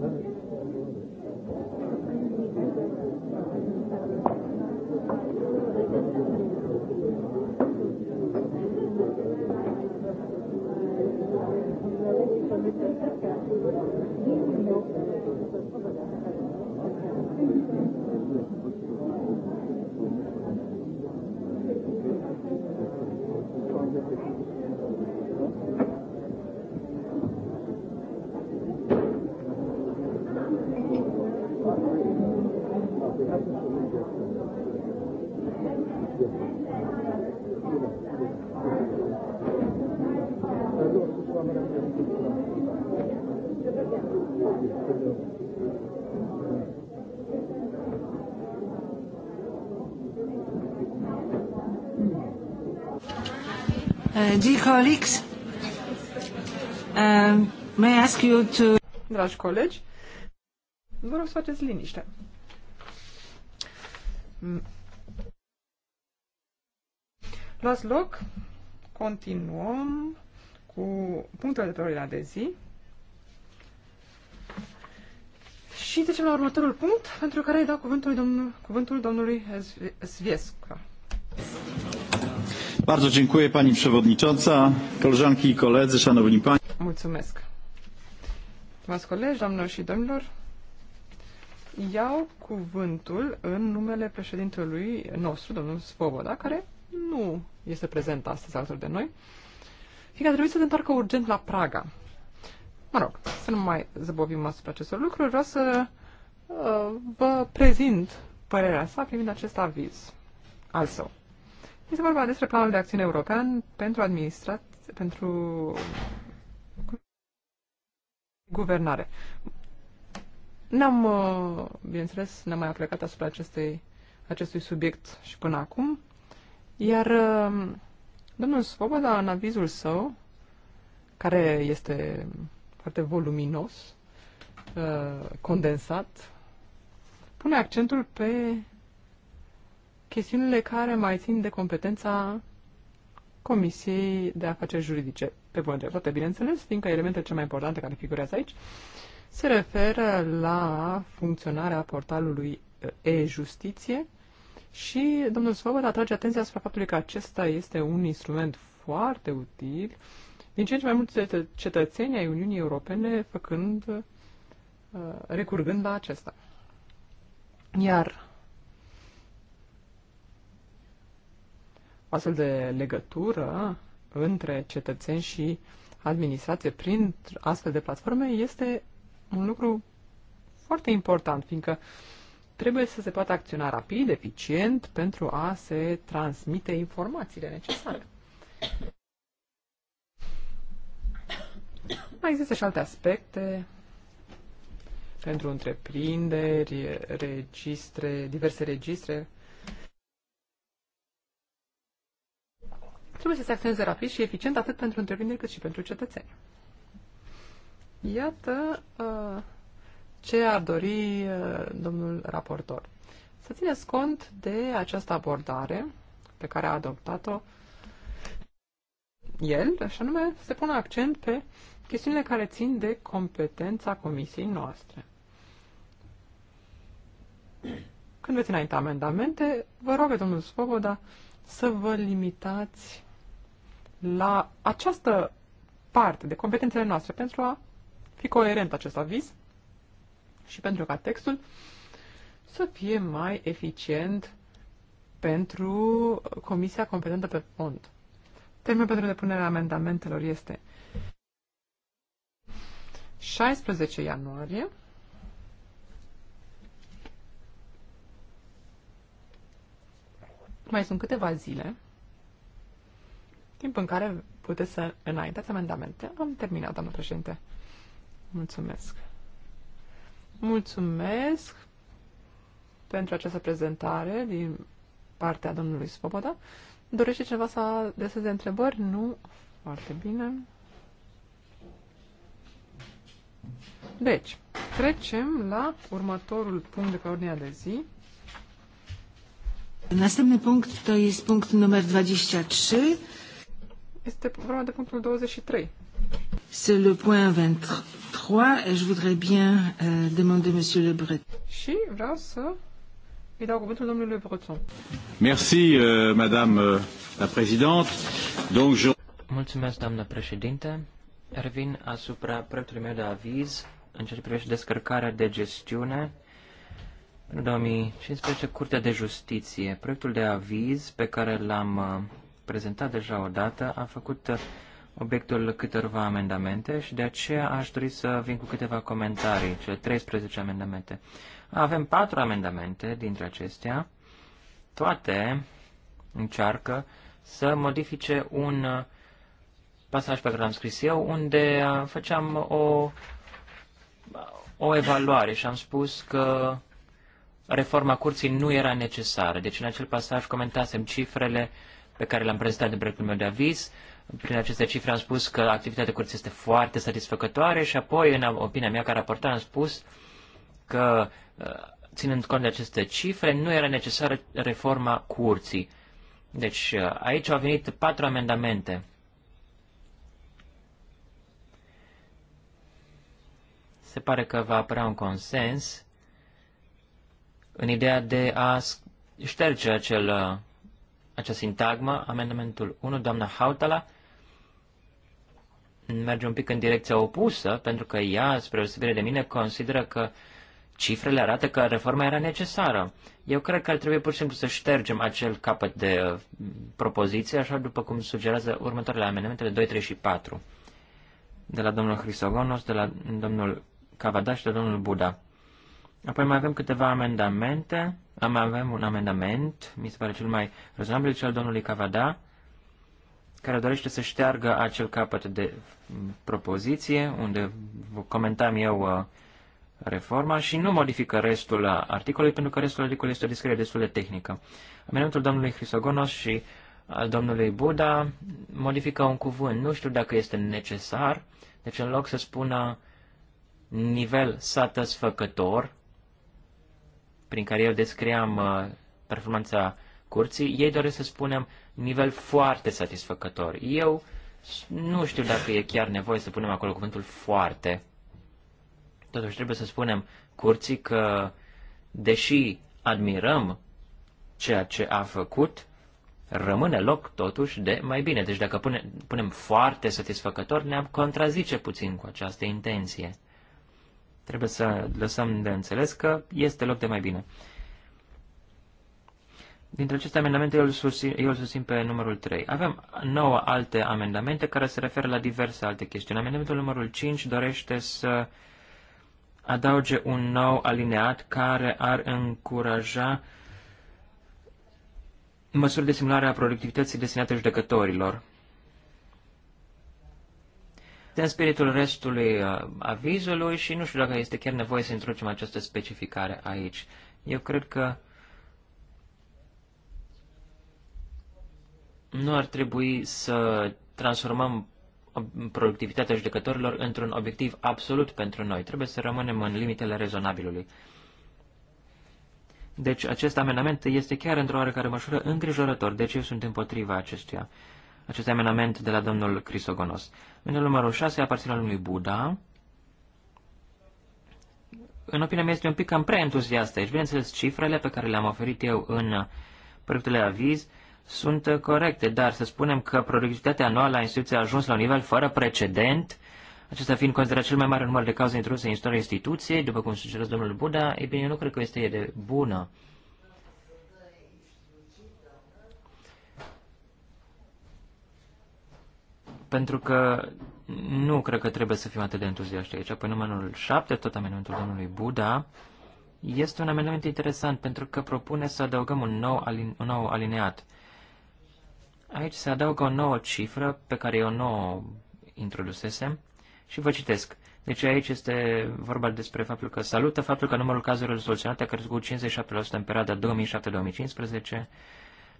Speaker 1: Thank you.
Speaker 4: colleagues, um, may I ask you to... Dragi colegi, vă rog să faceți liniște. Luați loc, continuăm cu punctele de pe ordinea de zi. Și trecem la următorul punct, pentru care îi dau cuvântul, domnul, cuvântul domnului Sviescu. Bardzo dziękuję pani przewodnicząca, koleżanki i koledzy, szanowni państwo. Mulțumesc. Stimați colegi, doamnelor și domnilor, iau cuvântul în numele președintelui nostru, domnul Svoboda, care nu este prezent astăzi alături de noi, fiindcă a trebuit să se întoarcă urgent la Praga. Mă rog, să nu mai zăbovim asupra acestor lucruri, vreau să uh, vă prezint părerea sa privind acest aviz al său. Este vorba despre planul de acțiune european pentru administrat, pentru guvernare. N-am, uh, bineînțeles, n-am mai aplicat asupra acestei, acestui subiect și până acum, iar uh, domnul Svoboda, în avizul său, care este foarte voluminos, uh, condensat, pune accentul pe chestiunile care mai țin de competența Comisiei de Afaceri Juridice. Pe bună dreptate, bineînțeles, fiindcă elementele cele mai importante care figurează aici se referă la funcționarea portalului uh, e-justiție și domnul Svoboda atrage atenția asupra faptului că acesta este un instrument foarte util din ce în ce mai mulți cetățeni ai Uniunii Europene făcând, uh, recurgând la acesta. Iar astfel de legătură între cetățeni și administrație prin astfel de platforme este un lucru foarte important, fiindcă trebuie să se poată acționa rapid, eficient, pentru a se transmite informațiile necesare. Mai există și alte aspecte pentru întreprinderi, registre, diverse registre trebuie să se acționeze rapid și eficient atât pentru întreprinderi cât și pentru cetățeni. Iată uh, ce ar dori uh, domnul raportor. Să țineți cont de această abordare pe care a adoptat-o el, așa nume, se pune accent pe chestiunile care țin de competența comisiei noastre. Când veți înainte amendamente, vă rog pe domnul Svoboda să vă limitați la această parte de competențele noastre pentru a fi coerent acest aviz și pentru ca textul să fie mai eficient pentru comisia competentă pe fond. Termenul pentru depunerea amendamentelor este 16 ianuarie Mai sunt câteva zile timp în care puteți să înaintați amendamente. Am terminat, doamnă președinte. Mulțumesc. Mulțumesc pentru această prezentare din partea domnului Svoboda. Dorește cineva să adreseze întrebări? Nu? Foarte bine. Deci, trecem la următorul punct de pe ordinea de zi. Następny punkt to jest punkt numer 23. Este vorba de punctul 23. C'est le point 23 et je voudrais bien euh, demander monsieur Le Breton. Și vreau să îi dau cuvântul domnului Le Breton.
Speaker 1: Merci euh, madame euh,
Speaker 4: la présidente. Donc je
Speaker 2: Mulțumesc doamnă președinte. Revin asupra proiectului meu de aviz în ceea ce privește descărcarea de gestiune în 2015 Curtea de Justiție. Proiectul de aviz pe care l-am prezentat deja odată a făcut obiectul câtorva amendamente și de aceea aș dori să vin cu câteva comentarii, cele 13 amendamente. Avem patru amendamente dintre acestea, toate încearcă să modifice un pasaj pe care l-am scris eu, unde făceam o, o evaluare și am spus că reforma curții nu era necesară. Deci în acel pasaj comentasem cifrele uh, pe care l-am prezentat în proiectul meu de aviz. Prin aceste cifre am spus că activitatea curții este foarte satisfăcătoare și apoi, în opinia mea ca raportar, am spus că, uh, ținând cont de aceste cifre, nu era necesară reforma curții. Deci uh, aici au venit patru amendamente. Se pare că va apărea un consens în ideea de a șterge acel uh, acea sintagmă, amendamentul 1, doamna Hautala, merge un pic în direcția opusă, pentru că ea, spre osebire de mine, consideră că cifrele arată că reforma era necesară. Eu cred că ar trebui pur și simplu să ștergem acel capăt de uh, propoziție, așa după cum sugerează următoarele amendamentele 2, 3 și 4, de la domnul Hrisogonos, de la domnul Cavadaș și de la domnul Buda. Apoi mai avem câteva amendamente. Am avem un amendament, mi se pare cel mai rezonabil, cel al domnului Cavada, care dorește să șteargă acel capăt de propoziție, unde comentam eu uh, reforma și nu modifică restul articolului, pentru că restul articolului este o descriere destul de tehnică. Amendamentul domnului Hrisogonos și al domnului Buda modifică un cuvânt. Nu știu dacă este necesar, deci în loc să spună nivel satisfăcător, prin care eu descriam uh, performanța curții, ei doresc să spunem nivel foarte satisfăcător. Eu nu știu dacă e chiar nevoie să punem acolo cuvântul foarte. Totuși trebuie să spunem curții că, deși admirăm ceea ce a făcut, rămâne loc totuși de mai bine. Deci dacă pune, punem foarte satisfăcător, ne-am contrazice puțin cu această intenție. Trebuie să lăsăm de înțeles că este loc de mai bine. Dintre aceste amendamente, eu îl, susțin, eu îl susțin pe numărul 3. Avem 9 alte amendamente care se referă la diverse alte chestiuni. Amendamentul numărul 5 dorește să adauge un nou alineat care ar încuraja măsuri de simulare a productivității destinate judecătorilor este în spiritul restului uh, avizului și nu știu dacă este chiar nevoie să introducem această specificare aici. Eu cred că nu ar trebui să transformăm productivitatea judecătorilor într-un obiectiv absolut pentru noi. Trebuie să rămânem în limitele rezonabilului. Deci acest amendament este chiar într-o oarecare măsură îngrijorător. De deci ce sunt împotriva acestuia? acest amenament de la domnul Crisogonos. În numărul 6 aparține al lui Buddha. În opinia mea este un pic cam prea entuziast aici. Bineînțeles, cifrele pe care le-am oferit eu în proiectul de aviz sunt corecte, dar să spunem că productivitatea anuală a instituției a ajuns la un nivel fără precedent, acesta fiind considerat cel mai mare număr de cauze introduse în istoria instituției, după cum sugerează domnul Buda, e bine, eu nu cred că este de bună. pentru că nu cred că trebuie să fim atât de entuziaști aici. Apoi numărul 7, tot amendamentul domnului Buda, este un amendament interesant pentru că propune să adăugăm un nou, alin, un nou alineat. Aici se adaugă o nouă cifră pe care eu nu o introdusesem și vă citesc. Deci aici este vorba despre faptul că salută faptul că numărul cazurilor soluționate a crescut 57% în perioada 2007-2015,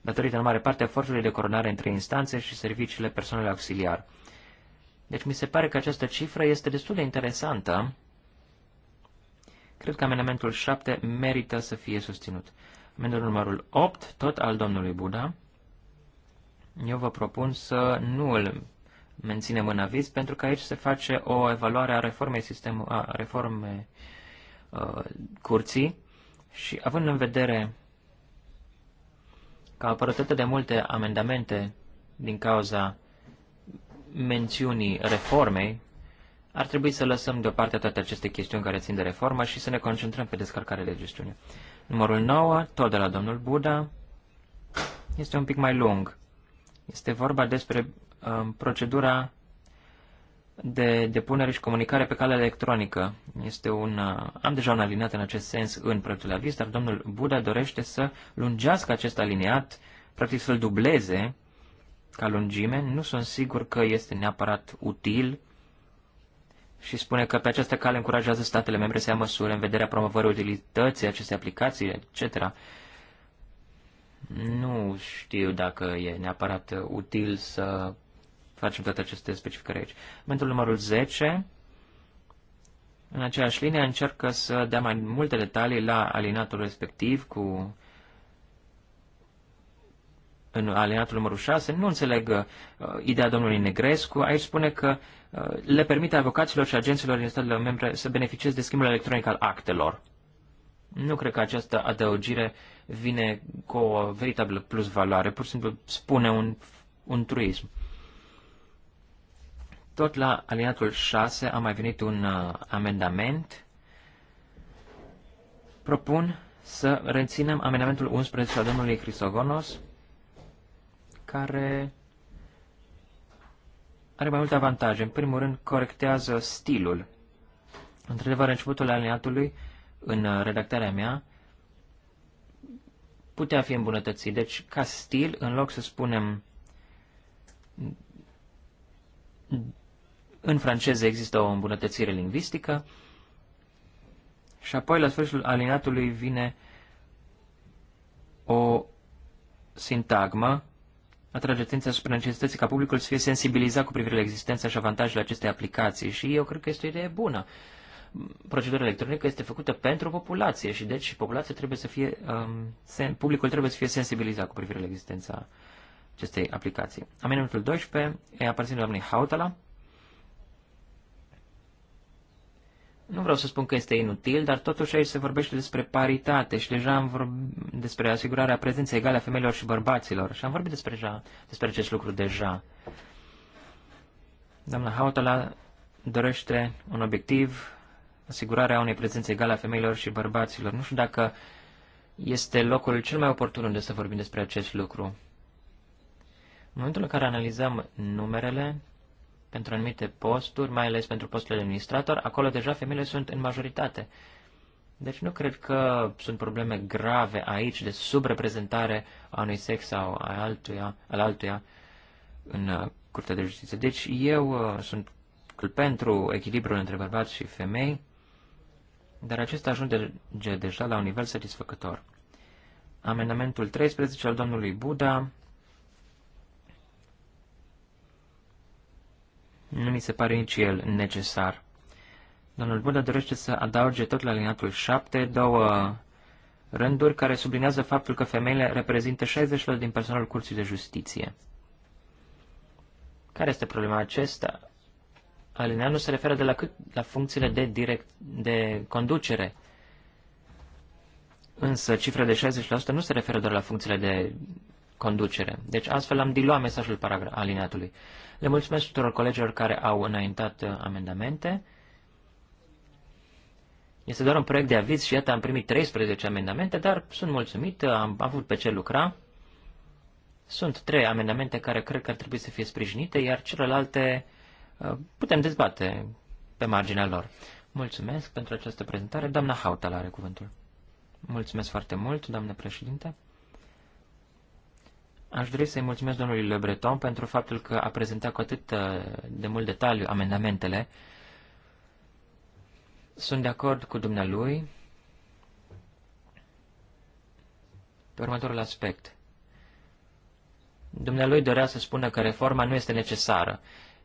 Speaker 2: datorită în mare parte efortului de coronare între instanțe și serviciile personale auxiliar. Deci mi se pare că această cifră este destul de interesantă. Cred că amendamentul 7 merită să fie susținut. Amendamentul numărul 8, tot al domnului Buda. Eu vă propun să nu îl menținem în aviz, pentru că aici se face o evaluare a reformei, sistemului a reforme uh, curții și având în vedere că au apărut atât de multe amendamente din cauza mențiunii reformei, ar trebui să lăsăm deoparte toate aceste chestiuni care țin de reformă și să ne concentrăm pe descărcarea de gestiune. Numărul 9, tot de la domnul Buda, este un pic mai lung. Este vorba despre um, procedura de depunere și comunicare pe cale electronică. Este un, uh, am deja un aliniat în acest sens în proiectul Avis, dar domnul Buda dorește să lungească acest aliniat, practic să-l dubleze ca lungime. Nu sunt sigur că este neapărat util și spune că pe această cale încurajează statele membre să ia măsuri în vederea promovării utilității acestei aplicații, etc. Nu știu dacă e neapărat util să facem toate aceste specificări aici. Amendamentul numărul 10, în aceeași linie, încearcă să dea mai multe detalii la alinatul respectiv cu în alinatul numărul 6, nu înțeleg uh, ideea domnului Negrescu. Aici spune că uh, le permite avocaților și agenților din statele membre să beneficieze de schimbul electronic al actelor. Nu cred că această adăugire vine cu o veritabilă plus valoare. pur și simplu spune un, un truism. Tot la aliniatul 6 a mai venit un uh, amendament. Propun să reținem amendamentul 11 al domnului Crisogonos, care are mai multe avantaje. În primul rând, corectează stilul. Într-adevăr, începutul alineatului, în uh, redactarea mea, putea fi îmbunătățit. Deci, ca stil, în loc să spunem în franceză există o îmbunătățire lingvistică. Și apoi, la sfârșitul alinatului, vine o sintagmă atrage atenția asupra necesității ca publicul să fie sensibilizat cu privire la existența și avantajele acestei aplicații și eu cred că este o idee bună. Procedura electronică este făcută pentru populație și deci populația trebuie să fie, um, sen, publicul trebuie să fie sensibilizat cu privire la existența acestei aplicații. Amendamentul 12 e aparținut doamnei Hautala. Nu vreau să spun că este inutil, dar totuși aici se vorbește despre paritate și deja am vorbit despre asigurarea prezenței egale a femeilor și bărbaților și am vorbit despre, deja, despre acest lucru deja. Doamna Hautala dorește un obiectiv, asigurarea unei prezențe egale a femeilor și bărbaților. Nu știu dacă este locul cel mai oportun unde să vorbim despre acest lucru. În momentul în care analizăm numerele, pentru anumite posturi, mai ales pentru posturile de administrator, acolo deja femeile sunt în majoritate. Deci nu cred că sunt probleme grave aici de subreprezentare a unui sex sau a altuia, al altuia în uh, Curtea de Justiție. Deci eu uh, sunt pentru echilibrul între bărbați și femei, dar acesta ajunge deja la un nivel satisfăcător. Amendamentul 13 al domnului Buda nu mi se pare nici el necesar. Domnul Buda dorește să adauge tot la liniatul 7 două rânduri care sublinează faptul că femeile reprezintă 60% din personalul Curții de Justiție. Care este problema acesta? Alineat nu se referă de la, cât, la funcțiile de, direct, de conducere. Însă cifra de 60% nu se referă doar la funcțiile de conducere. Deci astfel am diluat mesajul alineatului. Le mulțumesc tuturor colegilor care au înaintat uh, amendamente. Este doar un proiect de aviz și iată am primit 13 amendamente, dar sunt mulțumit, uh, am avut pe ce lucra. Sunt trei amendamente care cred că ar trebui să fie sprijinite, iar celelalte uh, putem dezbate pe marginea lor. Mulțumesc pentru această prezentare. Doamna Hautala are cuvântul. Mulțumesc foarte mult, doamnă președinte. Aș dori să-i mulțumesc domnului Le Breton pentru faptul că a prezentat cu atât uh, de mult detaliu amendamentele. Sunt de acord cu dumnealui pe următorul aspect. Dumnealui dorea să spună că reforma nu este necesară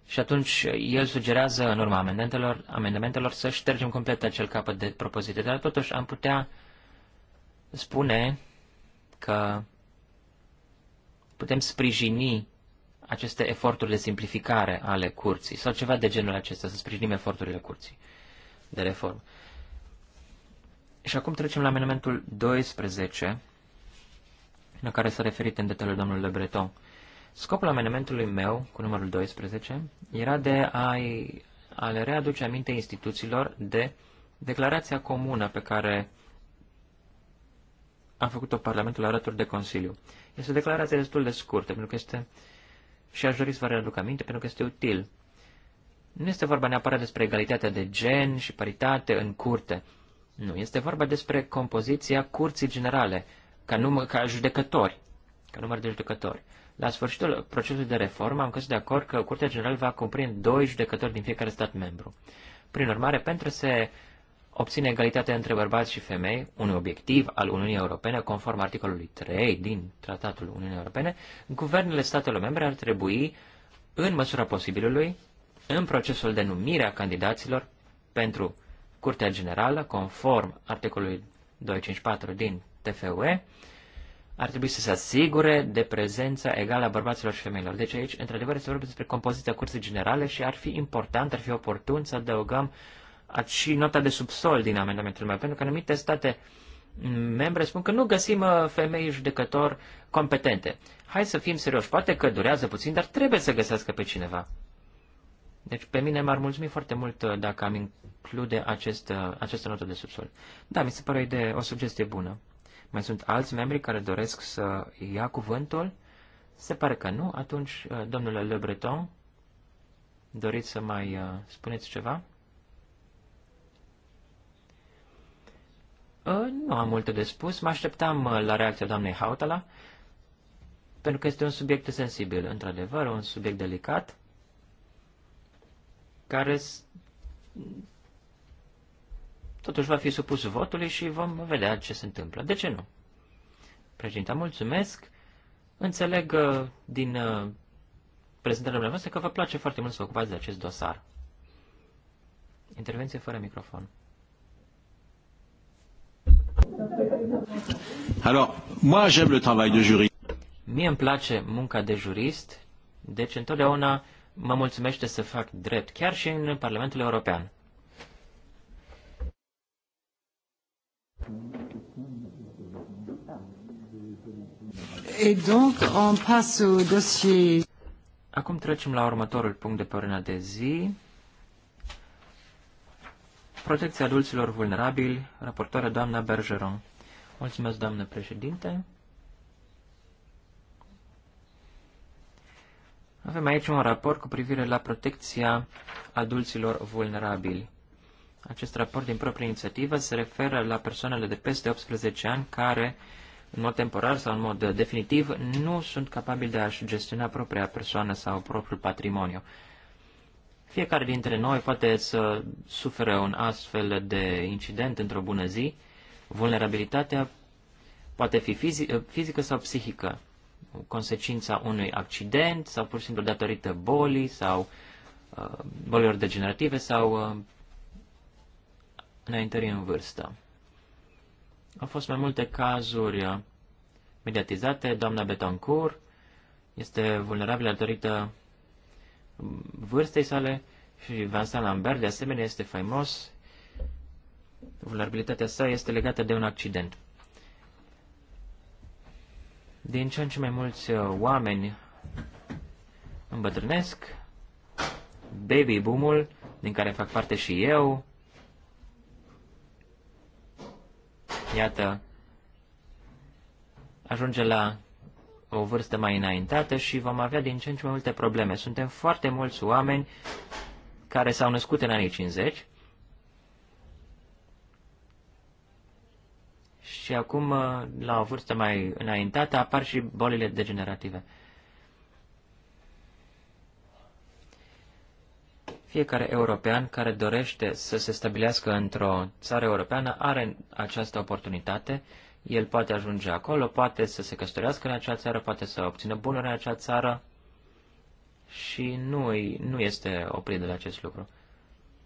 Speaker 2: și atunci el sugerează, în urma amendamentelor, amendamentelor să ștergem complet acel capăt de propoziție. Dar totuși am putea spune că putem sprijini aceste eforturi de simplificare ale curții sau ceva de genul acesta, să sprijinim eforturile curții de reformă. Și acum trecem la amendamentul 12, la care s-a referit în detaliu domnul Le Breton. Scopul amendamentului meu, cu numărul 12, era de a, a le readuce aminte instituțiilor de declarația comună pe care a făcut-o Parlamentul alături de Consiliu. Este o declarație destul de scurtă, pentru că este, și aș dori să vă readuc aminte, pentru că este util. Nu este vorba neapărat despre egalitatea de gen și paritate în curte. Nu, este vorba despre compoziția curții generale, ca, num- ca judecători, ca număr de judecători. La sfârșitul procesului de reformă am căzut de acord că Curtea Generală va cuprinde doi judecători din fiecare stat membru. Prin urmare, pentru a se obține egalitatea între bărbați și femei, un obiectiv al Uniunii Europene, conform articolului 3 din Tratatul Uniunii Europene, guvernele statelor membre ar trebui, în măsura posibilului, în procesul de numire a candidaților pentru Curtea Generală, conform articolului 254 din TFUE, ar trebui să se asigure de prezența egală a bărbaților și femeilor. Deci aici, într-adevăr, se vorbește despre compoziția curții generale și ar fi important, ar fi oportun să adăugăm uh, și nota de subsol din amendamentul meu, pentru că anumite state membre spun că nu găsim uh, femei judecători competente. Hai să fim serioși, poate că durează puțin, dar trebuie să găsească pe cineva. Deci pe mine m-ar mulțumi foarte mult uh, dacă am include acest, uh, această notă de subsol. Da, mi se pare o idee, o sugestie bună. Mai sunt alți membri care doresc să ia cuvântul? Se pare că nu. Atunci, domnule Le Breton, doriți să mai spuneți ceva? Ă, nu am multe de spus. Mă așteptam ă, la reacția doamnei Hautala, pentru că este un subiect sensibil, într-adevăr, un subiect delicat, care totuși va fi supus votului și vom vedea ce se întâmplă. De ce nu? Președinte, mulțumesc. Înțeleg ă, din prezentarea dumneavoastră că vă place foarte mult să ocupați de acest dosar. Intervenție fără microfon.
Speaker 1: Alors, moi j'aime le travail de jurist.
Speaker 2: Mie îmi place munca de jurist, deci întotdeauna mă mulțumește să fac drept, chiar și în Parlamentul European.
Speaker 4: Et donc, on passe au dossier.
Speaker 2: Acum trecem la următorul punct de pe de zi. Protecția adulților vulnerabili, Raportoarea, doamna Bergeron. Mulțumesc, doamnă președinte. Avem aici un raport cu privire la protecția adulților vulnerabili. Acest raport din proprie inițiativă se referă la persoanele de peste 18 ani care, în mod temporar sau în mod definitiv, nu sunt capabili de a-și gestiona propria persoană sau propriul patrimoniu. Fiecare dintre noi poate să sufere un astfel de incident într-o bună zi, Vulnerabilitatea poate fi fizică sau psihică, consecința unui accident sau pur și simplu datorită bolii sau uh, bolilor degenerative sau uh, înaintării în vârstă. Au fost mai multe cazuri uh, mediatizate. Doamna Betancourt este vulnerabilă datorită vârstei sale și Vincent Lambert, de asemenea, este faimos vulnerabilitatea sa este legată de un accident. Din ce în ce mai mulți uh, oameni îmbătrânesc, baby boom-ul, din care fac parte și eu, iată, ajunge la o vârstă mai înaintată și vom avea din ce în ce mai multe probleme. Suntem foarte mulți oameni care s-au născut în anii 50 și acum, uh, la o vârstă mai înaintată, apar și bolile degenerative. Fiecare european care dorește să se stabilească într-o țară europeană are această oportunitate. El poate ajunge acolo, poate să se căsătorească în acea țară, poate să obțină bunuri în acea țară și nu, nu este oprit de la acest lucru.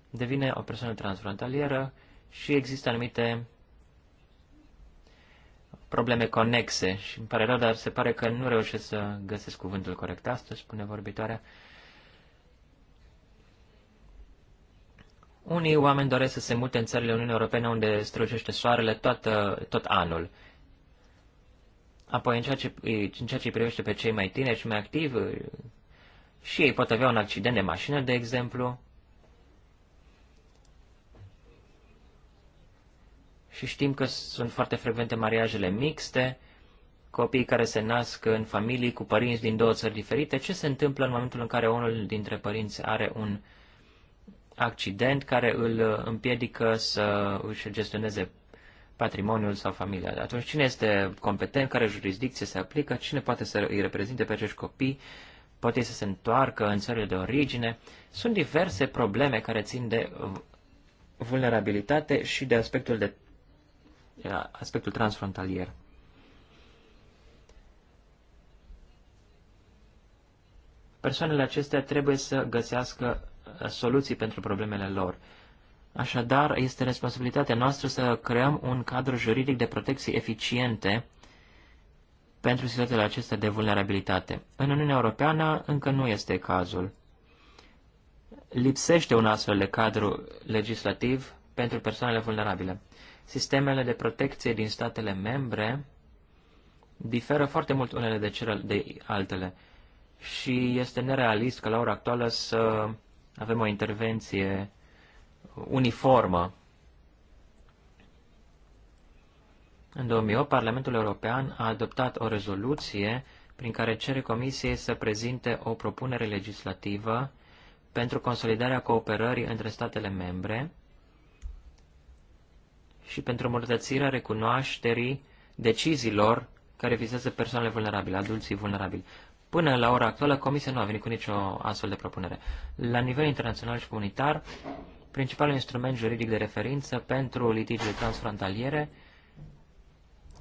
Speaker 2: Devine o persoană transfrontalieră și există anumite probleme conexe și îmi pare rău, dar se pare că nu reușesc să găsesc cuvântul corect astăzi, spune vorbitoarea. Unii oameni doresc să se mute în țările Uniunii Europene unde strălucește soarele toată, tot anul. Apoi, în ceea, ce, în ceea ce privește pe cei mai tineri și mai activi, și ei pot avea un accident de mașină, de exemplu, și știm că sunt foarte frecvente mariajele mixte, copii care se nasc în familii cu părinți din două țări diferite. Ce se întâmplă în momentul în care unul dintre părinți are un accident care îl împiedică să își gestioneze patrimoniul sau familia. Atunci cine este competent, care jurisdicție se aplică, cine poate să îi reprezinte pe acești copii, poate să se întoarcă în țările de origine. Sunt diverse probleme care țin de vulnerabilitate și de aspectul de aspectul transfrontalier. Persoanele acestea trebuie să găsească uh, soluții pentru problemele lor. Așadar, este responsabilitatea noastră să creăm un cadru juridic de protecție eficiente pentru situațiile acestea de vulnerabilitate. În Uniunea Europeană încă nu este cazul. Lipsește un astfel de cadru legislativ pentru persoanele vulnerabile. Sistemele de protecție din statele membre diferă foarte mult unele de, cele, de altele și este nerealist că la ora actuală să avem o intervenție uniformă. În 2008, Parlamentul European a adoptat o rezoluție prin care cere Comisiei să prezinte o propunere legislativă pentru consolidarea cooperării între statele membre și pentru îmbunătățirea recunoașterii deciziilor care vizează persoanele vulnerabile, adulții vulnerabili. Până la ora actuală, Comisia nu a venit cu nicio astfel de propunere. La nivel internațional și comunitar, principalul instrument juridic de referință pentru litigiile transfrontaliere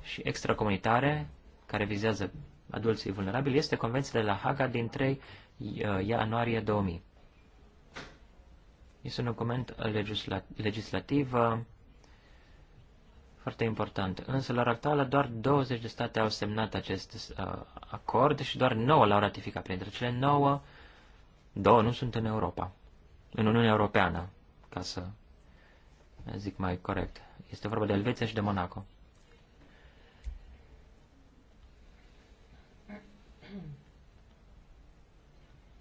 Speaker 2: și extracomunitare, care vizează adulții vulnerabili, este Convenția de la Haga din 3 uh, ianuarie 2000. Este un document legislativ uh, foarte important. Însă, la ora actuală, doar 20 de state au semnat acest uh, acord și doar 9 l-au ratificat. Printre cele 9, două nu sunt în Europa, în Uniunea Europeană, ca să zic mai corect. Este vorba de Elveția și de Monaco.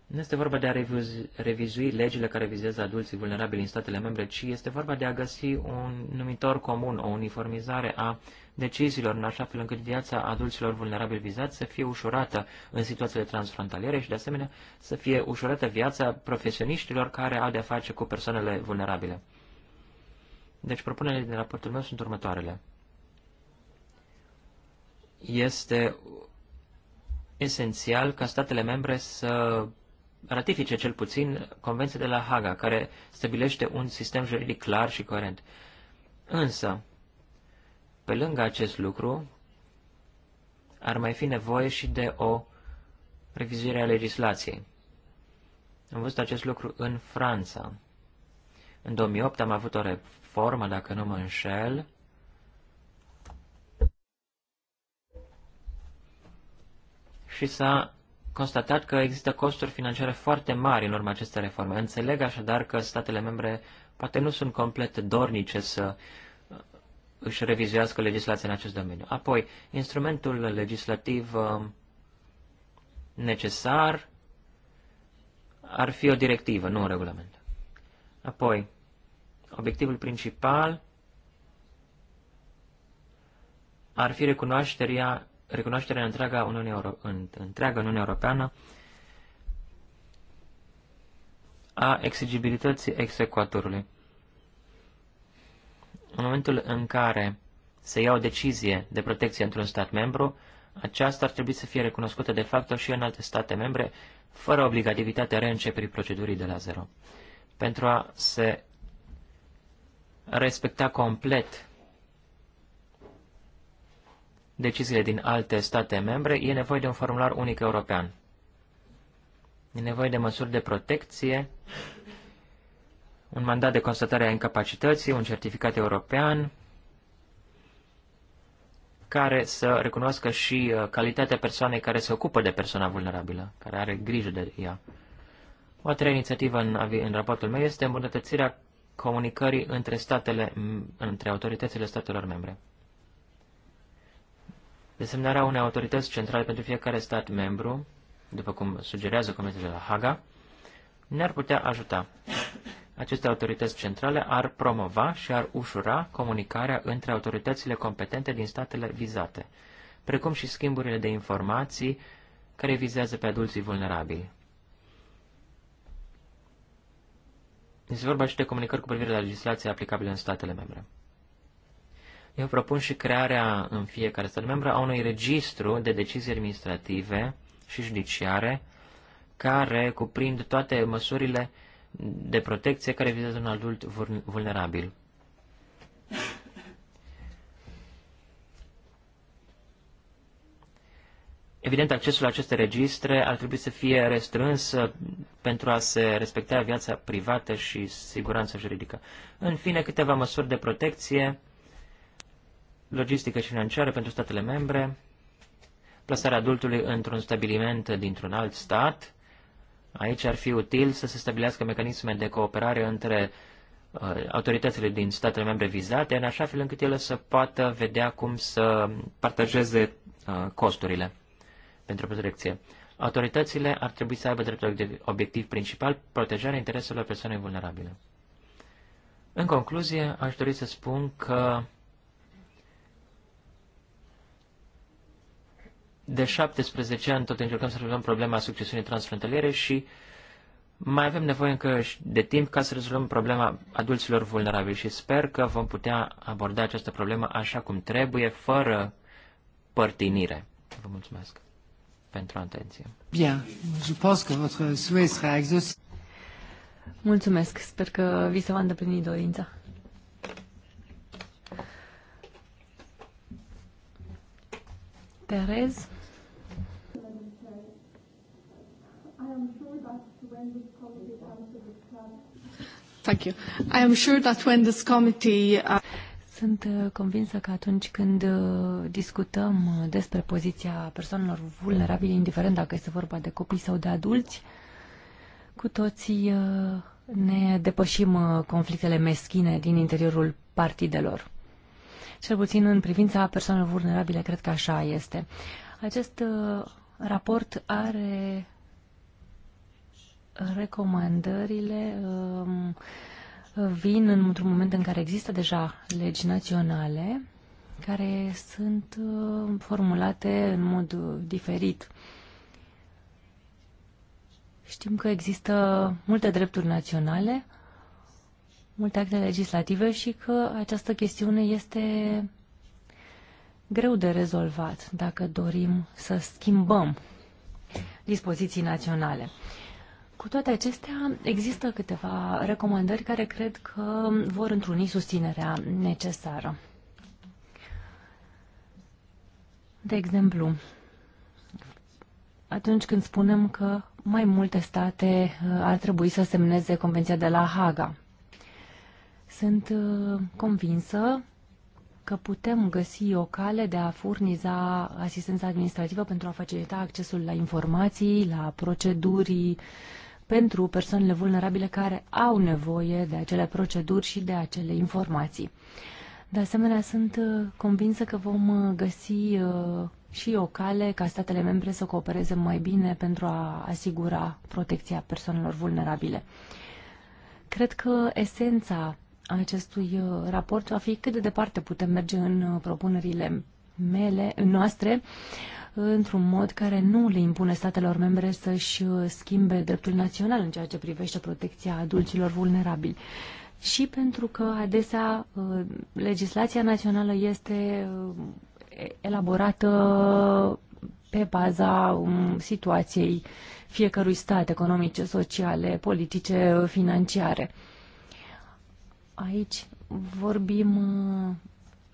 Speaker 2: Nu este vorba de a revizui, revizui legile care vizează adulții vulnerabili în statele membre, ci este vorba de a găsi un numitor comun, o uniformizare a deciziilor, în așa fel încât viața adulților vulnerabili vizați să fie ușurată în situațiile transfrontaliere și, de asemenea, să fie ușurată viața profesioniștilor care au de-a face cu persoanele vulnerabile. Deci, propunerile din raportul meu sunt următoarele. Este esențial ca statele membre să ratifice cel puțin Convenția de la Haga, care stabilește un sistem juridic clar și coerent. Însă, pe lângă acest lucru, ar mai fi nevoie și de o revizuire a legislației. Am văzut acest lucru în Franța. În 2008 am avut o reformă, dacă nu mă înșel, și s-a constatat că există costuri financiare foarte mari în urma acestei reforme. Înțeleg așadar că statele membre poate nu sunt complet dornice să uh, își revizuiască legislația în acest domeniu. Apoi, instrumentul legislativ uh, necesar ar fi o directivă, nu un regulament. Apoi, obiectivul principal ar fi recunoașterea recunoașterea întreaga Uniune, Euro- în, întreaga Uniune Europeană a exigibilității execuatorului. În momentul în care se ia o decizie de protecție într-un stat membru, aceasta ar trebui să fie recunoscută de facto și în alte state membre, fără obligativitatea reînceperii procedurii de la zero. Pentru a se respecta complet deciziile din alte state membre, e nevoie de un formular unic european. E nevoie de măsuri de protecție, un mandat de constatare a incapacității, un certificat european care să recunoască și uh, calitatea persoanei care se ocupă de persoana vulnerabilă, care are grijă de ea. O altă treia inițiativă în, în raportul meu este îmbunătățirea comunicării între, statele, între autoritățile statelor membre. Desemnarea unei autorități centrale pentru fiecare stat membru, după cum sugerează Comitetul de la Haga, ne-ar putea ajuta. Aceste autorități centrale ar promova și ar ușura comunicarea între autoritățile competente din statele vizate, precum și schimburile de informații care vizează pe adulții vulnerabili. Este vorba și de comunicări cu privire la legislația aplicabilă în statele membre. Eu propun și crearea în fiecare stat membru a unui registru de decizii administrative și judiciare care cuprind toate măsurile de protecție care vizează un adult vulnerabil. Evident, accesul la aceste registre ar trebui să fie restrâns uh, pentru a se respecta viața privată și siguranța juridică. În fine, câteva măsuri de protecție logistică și financiară pentru statele membre, plasarea adultului într-un stabiliment dintr-un alt stat. Aici ar fi util să se stabilească mecanisme de cooperare între uh, autoritățile din statele membre vizate, în așa fel încât ele să poată vedea cum să partajeze uh, costurile pentru protecție. Autoritățile ar trebui să aibă de obiectiv principal protejarea intereselor persoanei vulnerabile. În concluzie, aș dori să spun că de 17 ani tot încercăm să rezolvăm problema succesiunii transfrontaliere și mai avem nevoie încă de timp ca să rezolvăm problema adulților vulnerabili și sper că vom putea aborda această problemă așa cum trebuie, fără părtinire. Vă mulțumesc pentru atenție.
Speaker 1: Bien, je pense que votre souhait sera
Speaker 3: Mulțumesc, sper că vi se va îndeplini dorința. Terez. Thank you. I am sure that when this committee uh, sunt uh, convinsă că atunci când uh, discutăm despre poziția persoanelor vulnerabile, indiferent dacă este vorba de copii sau de adulți, cu toții ne depășim conflictele meschine din interiorul partidelor. Cel puțin în privința persoanelor vulnerabile, cred că așa este. Acest raport are recomandările um, vin într-un moment în care există deja legi naționale care sunt um, formulate în mod diferit. Știm că există multe drepturi naționale, multe acte legislative și că această chestiune este greu de rezolvat dacă dorim să schimbăm dispoziții naționale. Cu toate acestea, există câteva recomandări care cred că vor întruni susținerea necesară. De exemplu, atunci când spunem că mai multe state uh, ar trebui să semneze Convenția de la Haga. Sunt uh, convinsă că putem găsi o cale de a furniza asistența administrativă pentru a facilita accesul la informații, la proceduri pentru persoanele vulnerabile care au nevoie de acele proceduri și de acele informații. De asemenea, sunt uh, convinsă că vom uh, găsi uh, și o cale ca statele membre să coopereze mai bine pentru a asigura protecția persoanelor vulnerabile. Cred că esența acestui raport va fi cât de departe putem merge în propunerile mele, noastre, într-un mod care nu le impune statelor membre să-și uh, schimbe dreptul național în ceea ce privește protecția adulților vulnerabili. Și pentru că adesea uh, legislația națională este uh, elaborată pe baza um, situației fiecărui stat economice, sociale, politice, financiare. Aici vorbim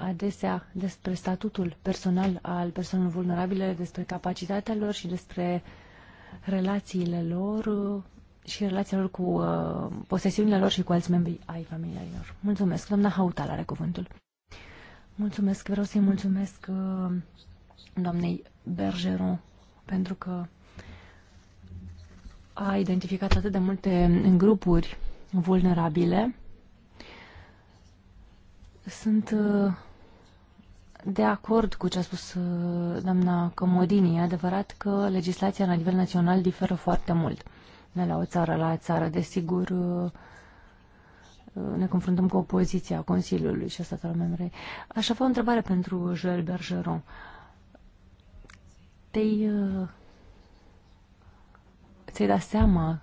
Speaker 3: adesea despre statutul personal al persoanelor vulnerabile, despre capacitatea lor și despre relațiile lor uh, și relațiile lor cu uh, posesiunile lor și cu alți membri ai familiei lor. Mulțumesc. Doamna Hautal are cuvântul. Mulțumesc. Vreau să-i mulțumesc uh, doamnei Bergeron pentru că a identificat atât de multe grupuri vulnerabile. Sunt uh, de acord cu ce a spus uh, doamna Comodini. E adevărat că legislația la nivel național diferă foarte mult de la o țară la țară. Desigur, uh, uh, ne confruntăm cu opoziția Consiliului și a statelor membre. Aș avea o întrebare pentru Joel Bergeron. Te-ai te dat seama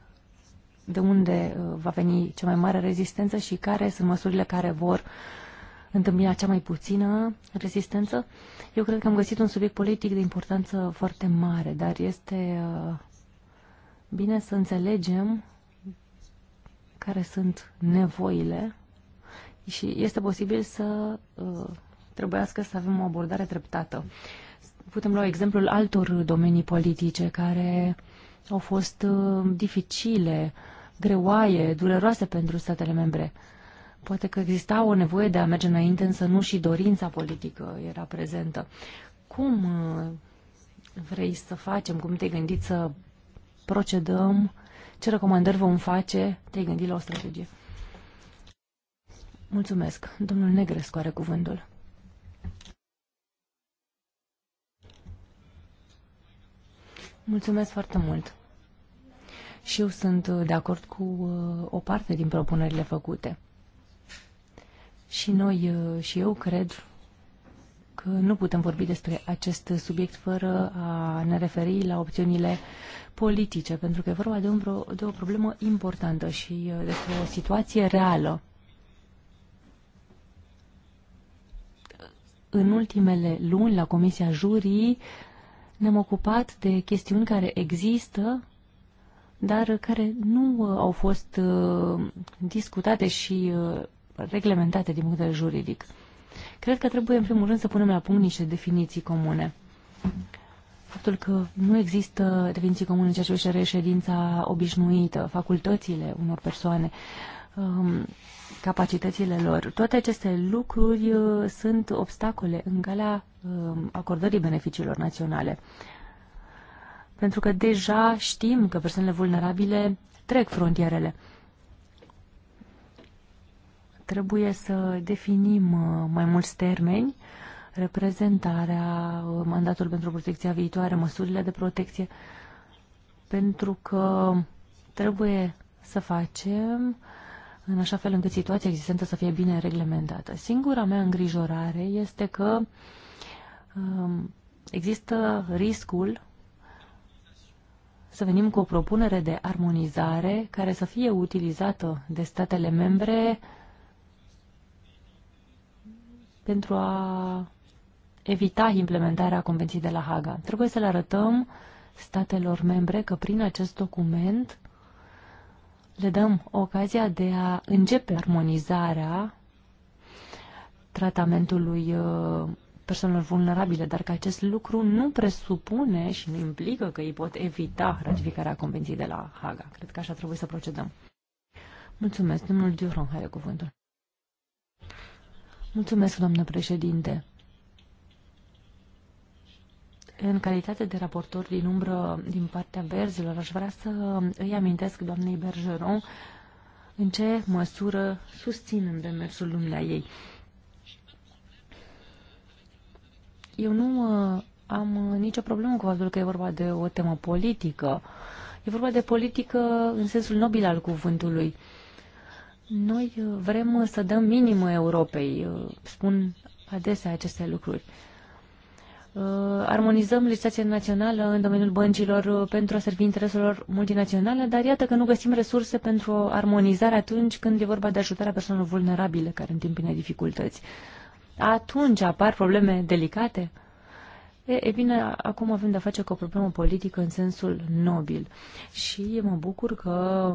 Speaker 3: de unde va veni cea mai mare rezistență și care sunt măsurile care vor uh, întâmpina cea mai puțină rezistență. Eu cred că am găsit un subiect politic de importanță foarte mare, dar este uh, bine să înțelegem care sunt nevoile și este posibil să uh, trebuiască să avem o abordare treptată. Putem lua exemplul altor domenii politice care au fost uh, dificile, greoaie, dureroase pentru statele membre. Poate că exista o nevoie de a merge înainte, însă nu și dorința politică era prezentă. Cum uh, vrei să facem? Cum te-ai gândit să procedăm? Ce recomandări vom face? Te-ai gândit la o strategie? Mulțumesc. Domnul Negrescu are cuvântul. Mulțumesc foarte mult. Și eu sunt de acord cu uh, o parte din propunerile făcute. Și noi uh, și eu cred că nu putem vorbi despre acest subiect fără a ne referi la opțiunile politice, pentru că e vorba de, un, de o problemă importantă și uh, despre o situație reală. În ultimele luni, la Comisia Jurii, ne-am ocupat de chestiuni care există, dar care nu uh, au fost discutate și reglementate din punct de vedere juridic. Cred că trebuie, în primul rând, să punem la punct niște definiții comune. Faptul că nu există definiții comune în ceea ce privește reședința obișnuită, facultățile unor persoane, um, capacitățile lor, toate aceste lucruri uh, sunt obstacole în calea um, acordării beneficiilor naționale. Pentru că deja știm că persoanele vulnerabile trec frontierele. Trebuie să definim uh, mai mulți termeni, reprezentarea, uh, mandatul pentru protecția viitoare, măsurile de protecție, pentru că trebuie să facem în așa fel încât situația existentă să fie bine reglementată. Singura mea îngrijorare este că um, există riscul să venim cu o propunere de armonizare care să fie utilizată de statele membre pentru a evita implementarea Convenției de la Haga. Trebuie să le arătăm statelor membre că prin acest document le dăm ocazia de a începe armonizarea tratamentului uh, persoanelor vulnerabile, dar că acest lucru nu presupune și nu implică că ei pot evita ratificarea Convenției de la Haga. Cred că așa trebuie să procedăm. Mulțumesc, domnul Duron, are cuvântul. Mulțumesc, doamnă președinte. În calitate de raportor din umbră din partea verzilor, aș vrea să îi amintesc doamnei Bergeron în ce măsură susțin în demersul lumea ei. Eu nu uh, am nicio problemă cu faptul că e vorba de o temă politică. E vorba de politică în sensul nobil al cuvântului. Noi uh, vrem uh, să dăm minimă Europei, uh, spun adesea aceste lucruri. Armonizăm legislația națională în domeniul băncilor pentru a servi intereselor multinaționale, dar iată că nu găsim resurse pentru armonizare atunci când e vorba de ajutarea persoanelor vulnerabile care întâmpină dificultăți. Atunci apar probleme delicate? E, e bine, acum avem de-a face cu o problemă politică în sensul nobil. Și mă bucur că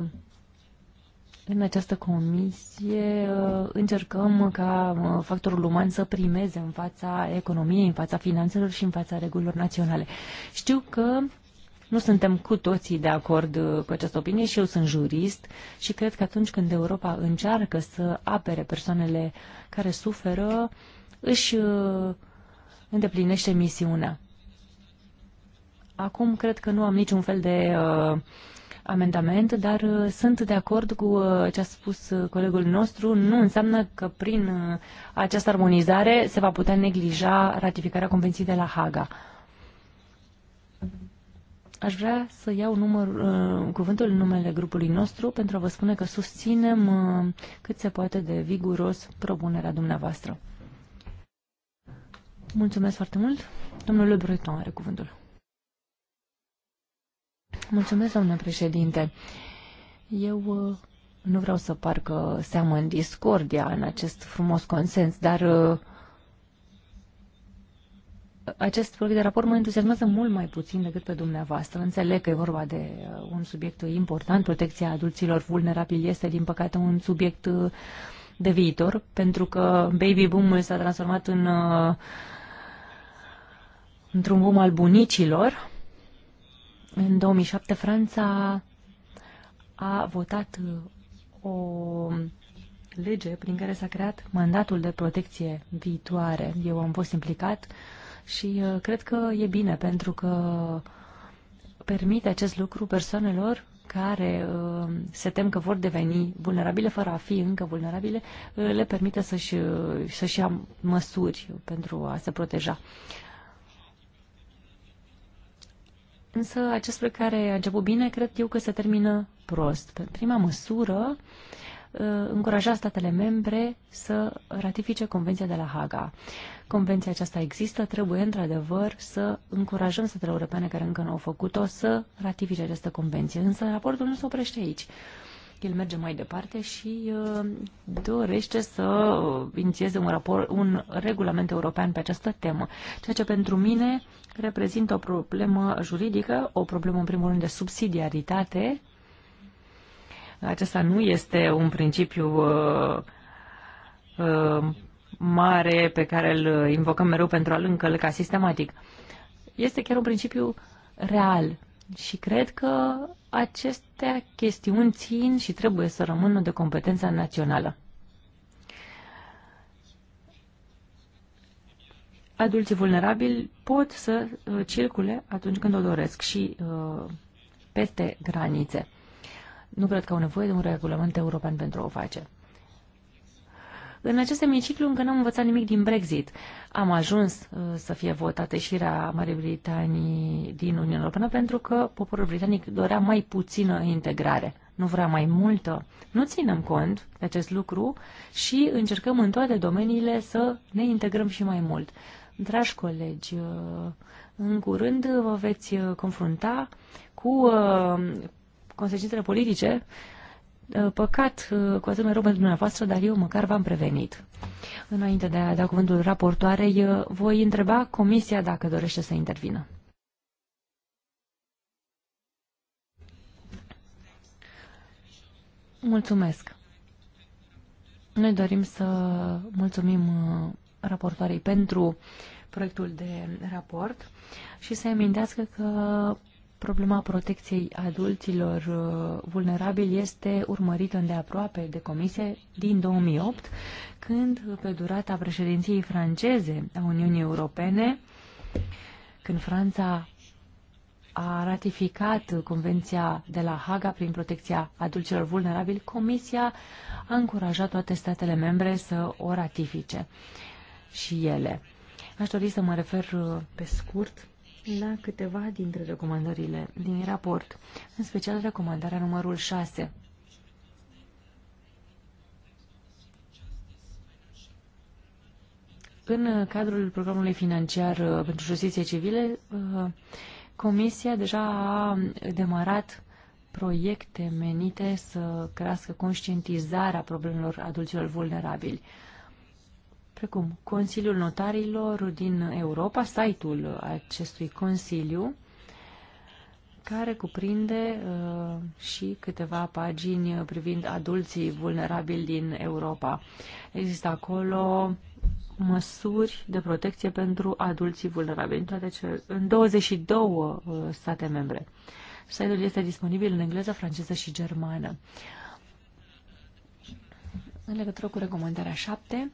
Speaker 3: în această comisie uh, încercăm ca uh, factorul uman să primeze în fața economiei, în fața finanțelor și în fața regulilor naționale. Știu că nu suntem cu toții de acord uh, cu această opinie și eu sunt jurist și cred că atunci când Europa încearcă să apere persoanele care suferă, își îndeplinește misiunea. Acum cred că nu am niciun fel de uh, amendament, dar uh, sunt de acord cu uh, ce a spus uh, colegul nostru. Nu înseamnă că prin această armonizare se va putea neglija ratificarea Convenției de la Haga. Aș vrea să iau număr, cuvântul în numele grupului nostru pentru a vă spune că susținem cât se poate de viguros propunerea dumneavoastră. Mulțumesc foarte mult. Domnul Le Breton are cuvântul. Mulțumesc, doamnă președinte. Eu uh, nu vreau să par că seamă în discordia în acest frumos consens, dar uh, acest proiect de raport mă entuziasmează mult mai puțin decât pe dumneavoastră. Înțeleg că e vorba de uh, un subiect important. Protecția adulților vulnerabili este, din păcate, un subiect de viitor, pentru că baby boom-ul s-a transformat în într-un boom al bunicilor în 2007 Franța a votat uh, o lege prin care s-a creat mandatul de protecție viitoare. Eu am fost implicat și uh, cred că e bine pentru că permite acest lucru persoanelor care uh, se tem că vor deveni vulnerabile fără a fi încă vulnerabile, le permite să-și, să-și ia măsuri pentru a se proteja. Însă acest proiect care a început bine, cred eu că se termină prost. Pe prima măsură, uh, încuraja statele membre să ratifice Convenția de la Haga. Convenția aceasta există, trebuie într-adevăr să încurajăm statele europene care încă nu au făcut-o să ratifice această convenție. Însă raportul nu se oprește aici el merge mai departe și uh, dorește să inițieze un, raport, un regulament european pe această temă, ceea ce pentru mine reprezintă o problemă juridică, o problemă în primul rând de subsidiaritate. Acesta nu este un principiu uh, uh, mare pe care îl invocăm mereu pentru a-l încălca sistematic. Este chiar un principiu real și cred că aceste chestiuni țin și trebuie să rămână de competența națională. Adulții vulnerabili pot să uh, circule atunci când o doresc și uh, peste granițe. Nu cred că au nevoie de un regulament european pentru a o face. În acest emiciclu încă n-am învățat nimic din Brexit. Am ajuns uh, să fie votată ieșirea Marii Britanii din Uniunea Europeană pentru că poporul britanic dorea mai puțină integrare nu vrea mai multă. Nu ținem cont de acest lucru și încercăm în toate domeniile să ne integrăm și mai mult. Dragi colegi, uh, în curând vă veți uh, confrunta cu consecințele politice Eh, păcat, eh, cu atât mai rău pentru dumneavoastră, dar eu măcar v-am prevenit. Înainte de a da cuvântul raportoarei, eh, voi întreba comisia dacă dorește să intervină. Mulțumesc. Noi dorim să mulțumim raportoarei pentru proiectul de raport și să amintească că Problema protecției adulților uh, vulnerabili este urmărită îndeaproape de comisie din 2008, când, pe durata președinției franceze a Uniunii Europene, când Franța a ratificat Convenția de la Haga prin protecția adulților vulnerabili, Comisia a încurajat toate statele membre să o ratifice și ele. Aș dori să mă refer uh, pe scurt la câteva dintre recomandările din raport, în special recomandarea numărul 6. În cadrul programului financiar uh, pentru justiție civile, uh, Comisia deja a demarat proiecte menite să crească conștientizarea problemelor adulților vulnerabili precum Consiliul Notarilor din Europa, site-ul acestui Consiliu, care cuprinde uh, și câteva pagini privind adulții vulnerabili din Europa. Există acolo măsuri de protecție pentru adulții vulnerabili în, toate cele, în 22 uh, state membre. Site-ul este disponibil în engleză, franceză și germană. În legătură cu recomandarea 7,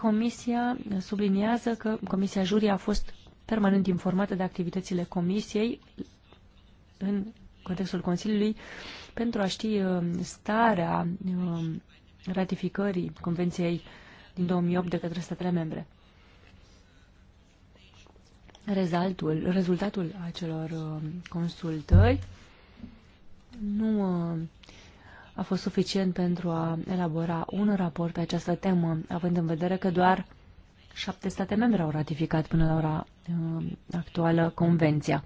Speaker 3: Comisia subliniază că Comisia Jurii a fost permanent informată de activitățile Comisiei în contextul Consiliului pentru a ști uh, starea uh, ratificării Convenției din 2008 de către statele membre. Rezultatul, rezultatul acelor uh, consultări nu a fost suficient pentru a elabora un raport pe această temă, având în vedere că doar șapte state membre au ratificat până la ora uh, actuală convenția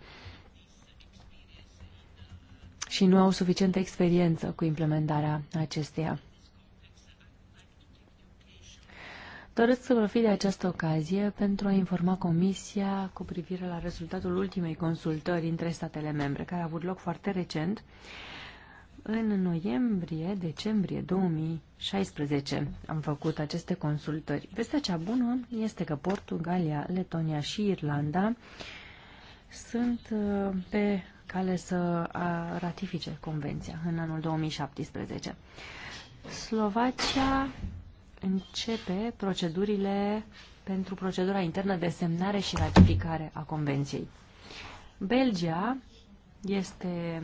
Speaker 3: și nu au suficientă experiență cu implementarea acesteia. Doresc să profit de această ocazie pentru a informa Comisia cu privire la rezultatul ultimei consultări între statele membre, care a avut loc foarte recent în noiembrie-decembrie 2016 am făcut aceste consultări. Vestea cea bună este că Portugalia, Letonia și Irlanda sunt uh, pe cale să ratifice convenția în anul 2017. Slovacia începe procedurile pentru procedura internă de semnare și ratificare a convenției. Belgia este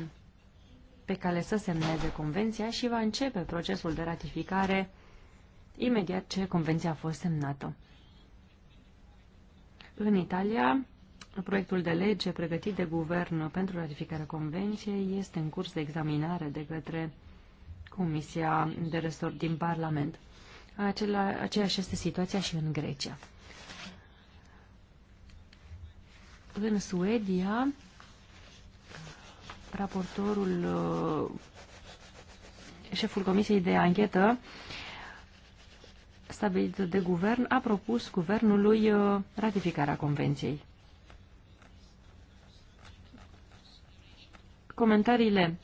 Speaker 3: pe care să semneze convenția și va începe procesul de ratificare imediat ce convenția a fost semnată. În Italia, proiectul de lege pregătit de guvern pentru ratificarea convenției este în curs de examinare de către Comisia de Resort din Parlament. Acela, aceeași este situația și în Grecia. În Suedia, raportorul, uh, șeful Comisiei de Anchetă stabilit de guvern, a propus guvernului uh, ratificarea convenției. Comentariile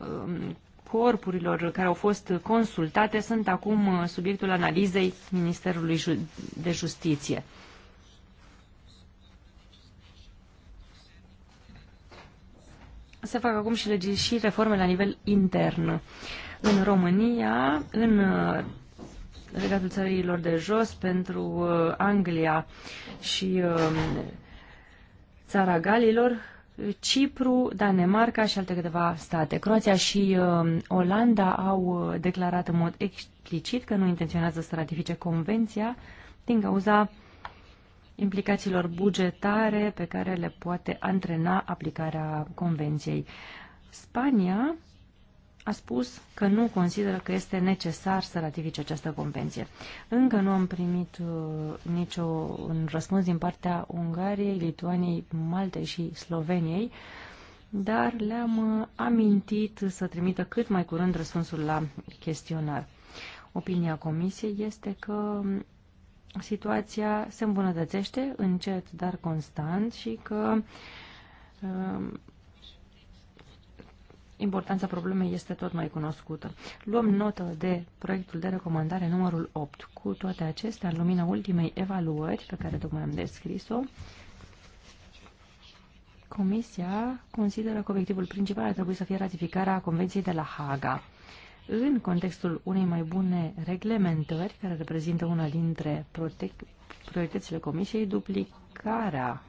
Speaker 3: um, corpurilor care au fost consultate sunt acum uh, subiectul analizei Ministerului de Justiție. se fac acum și, legi, și reforme la nivel intern. În România, în uh, legatul țărilor de jos, pentru uh, Anglia și um, țara Galilor, Cipru, Danemarca și alte câteva state. Croația și uh, Olanda au uh, declarat în mod explicit că nu intenționează să ratifice convenția din cauza uh, implicațiilor bugetare pe care le poate antrena aplicarea convenției. Spania a spus că nu consideră că este necesar să ratifice această convenție. Încă nu am primit uh, nicio niciun răspuns din partea Ungariei, Lituaniei, Maltei și Sloveniei, dar le-am uh, amintit să trimită cât mai curând răspunsul la chestionar. Opinia Comisiei este că um, situația se îmbunătățește încet, dar constant și că um, importanța problemei este tot mai cunoscută. Luăm notă de proiectul de recomandare numărul 8. Cu toate acestea, în lumina ultimei evaluări pe care tocmai am descris-o, Comisia consideră că obiectivul principal ar trebui să fie ratificarea Convenției de la Haga în contextul unei mai bune reglementări, care reprezintă una dintre prioritățile Comisiei, duplicarea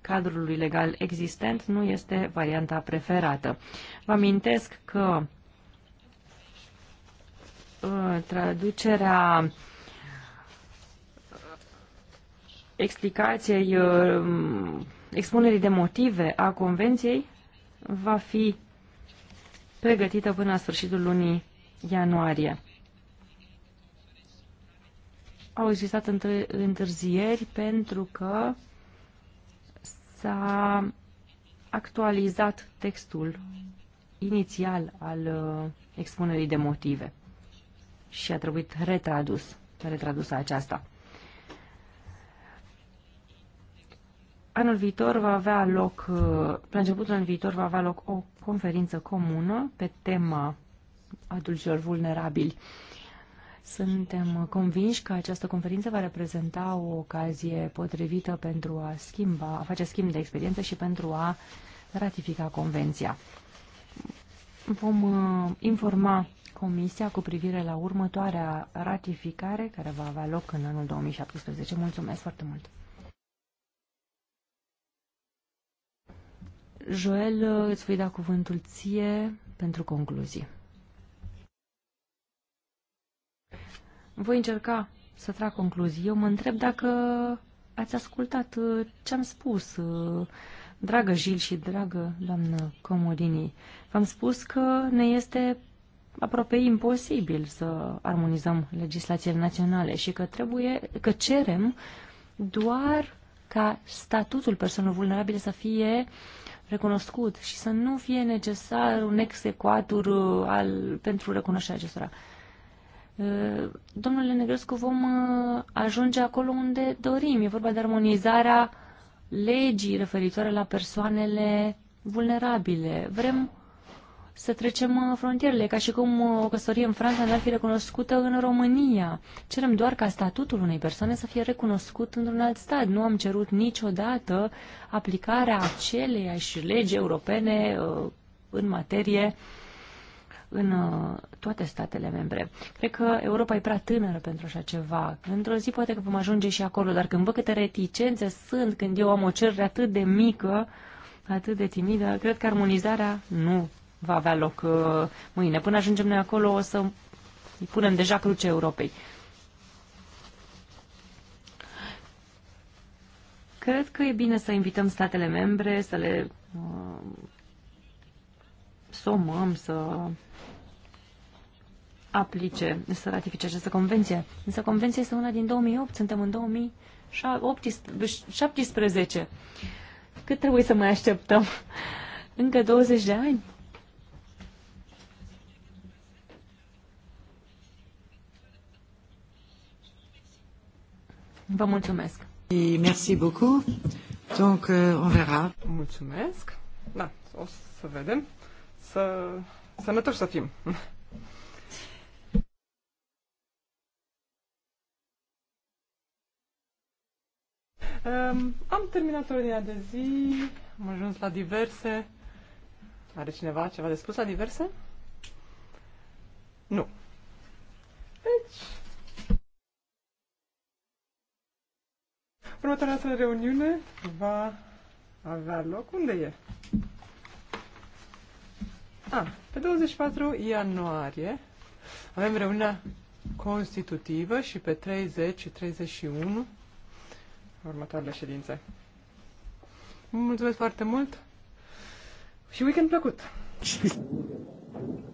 Speaker 3: cadrului legal existent nu este varianta preferată. Vă amintesc că uh, traducerea explicației uh, expunerii de motive a convenției va fi pregătită până la sfârșitul lunii ianuarie. Au existat întârzieri pentru că s-a actualizat textul inițial al uh, expunerii de motive și a trebuit retradus, retradusă aceasta. Anul viitor va avea loc, uh, la începutul anului viitor va avea loc o conferință comună pe tema adulților vulnerabili. Suntem convinși că această conferință va reprezenta o ocazie potrivită pentru a, schimba, a face schimb de experiență și pentru a ratifica convenția. Vom uh, informa Comisia cu privire la următoarea ratificare care va avea loc în anul 2017. Mulțumesc foarte mult! Joel, îți voi da cuvântul ție pentru concluzii. Voi încerca să trag concluzii. Eu mă întreb dacă ați ascultat uh, ce am spus, uh, dragă Jil și dragă doamnă Comodini. V-am spus că ne este aproape imposibil să armonizăm legislațiile naționale și că trebuie, că cerem doar ca statutul persoanelor vulnerabile să fie recunoscut și să nu fie necesar un execuatur uh, al, pentru recunoașterea acestora. Eh, domnule Negrescu, vom eh, ajunge acolo unde dorim. E vorba de armonizarea legii referitoare la persoanele vulnerabile. Vrem să trecem eh, frontierele, ca și cum o căsătorie în Franța n-ar fi recunoscută în România. Cerem doar ca statutul unei persoane să fie recunoscut într-un alt stat. Nu am cerut niciodată aplicarea aceleiași legi europene în materie uh, în uh, toate statele membre. Cred că Europa e prea tânără pentru așa ceva. Într-o zi poate că vom ajunge și acolo, dar când văd câte reticențe sunt, când eu am o cerere atât de mică, atât de timidă, cred că armonizarea nu va avea loc uh, mâine. Până ajungem noi acolo o să îi punem deja cruce Europei. Cred că e bine să invităm statele membre, să le uh, somăm să aplice, să ratifice această convenție. Însă convenția este una din 2008, suntem în 2017. Cât trebuie să mai așteptăm? Încă 20 de ani?
Speaker 4: Vă mulțumesc. Merci beaucoup. Donc, euh, on verra. Mulțumesc. Da, o să vedem să sănătoși să fim. Um, am terminat ordinea de zi, am ajuns la diverse. Are cineva ceva de spus la diverse? Nu. Deci... Următoarea noastră reuniune va avea loc. Unde e? A, ah, pe 24 ianuarie avem reuniunea constitutivă și pe 30 și 31 următoarele ședințe. Mulțumesc foarte mult și weekend plăcut!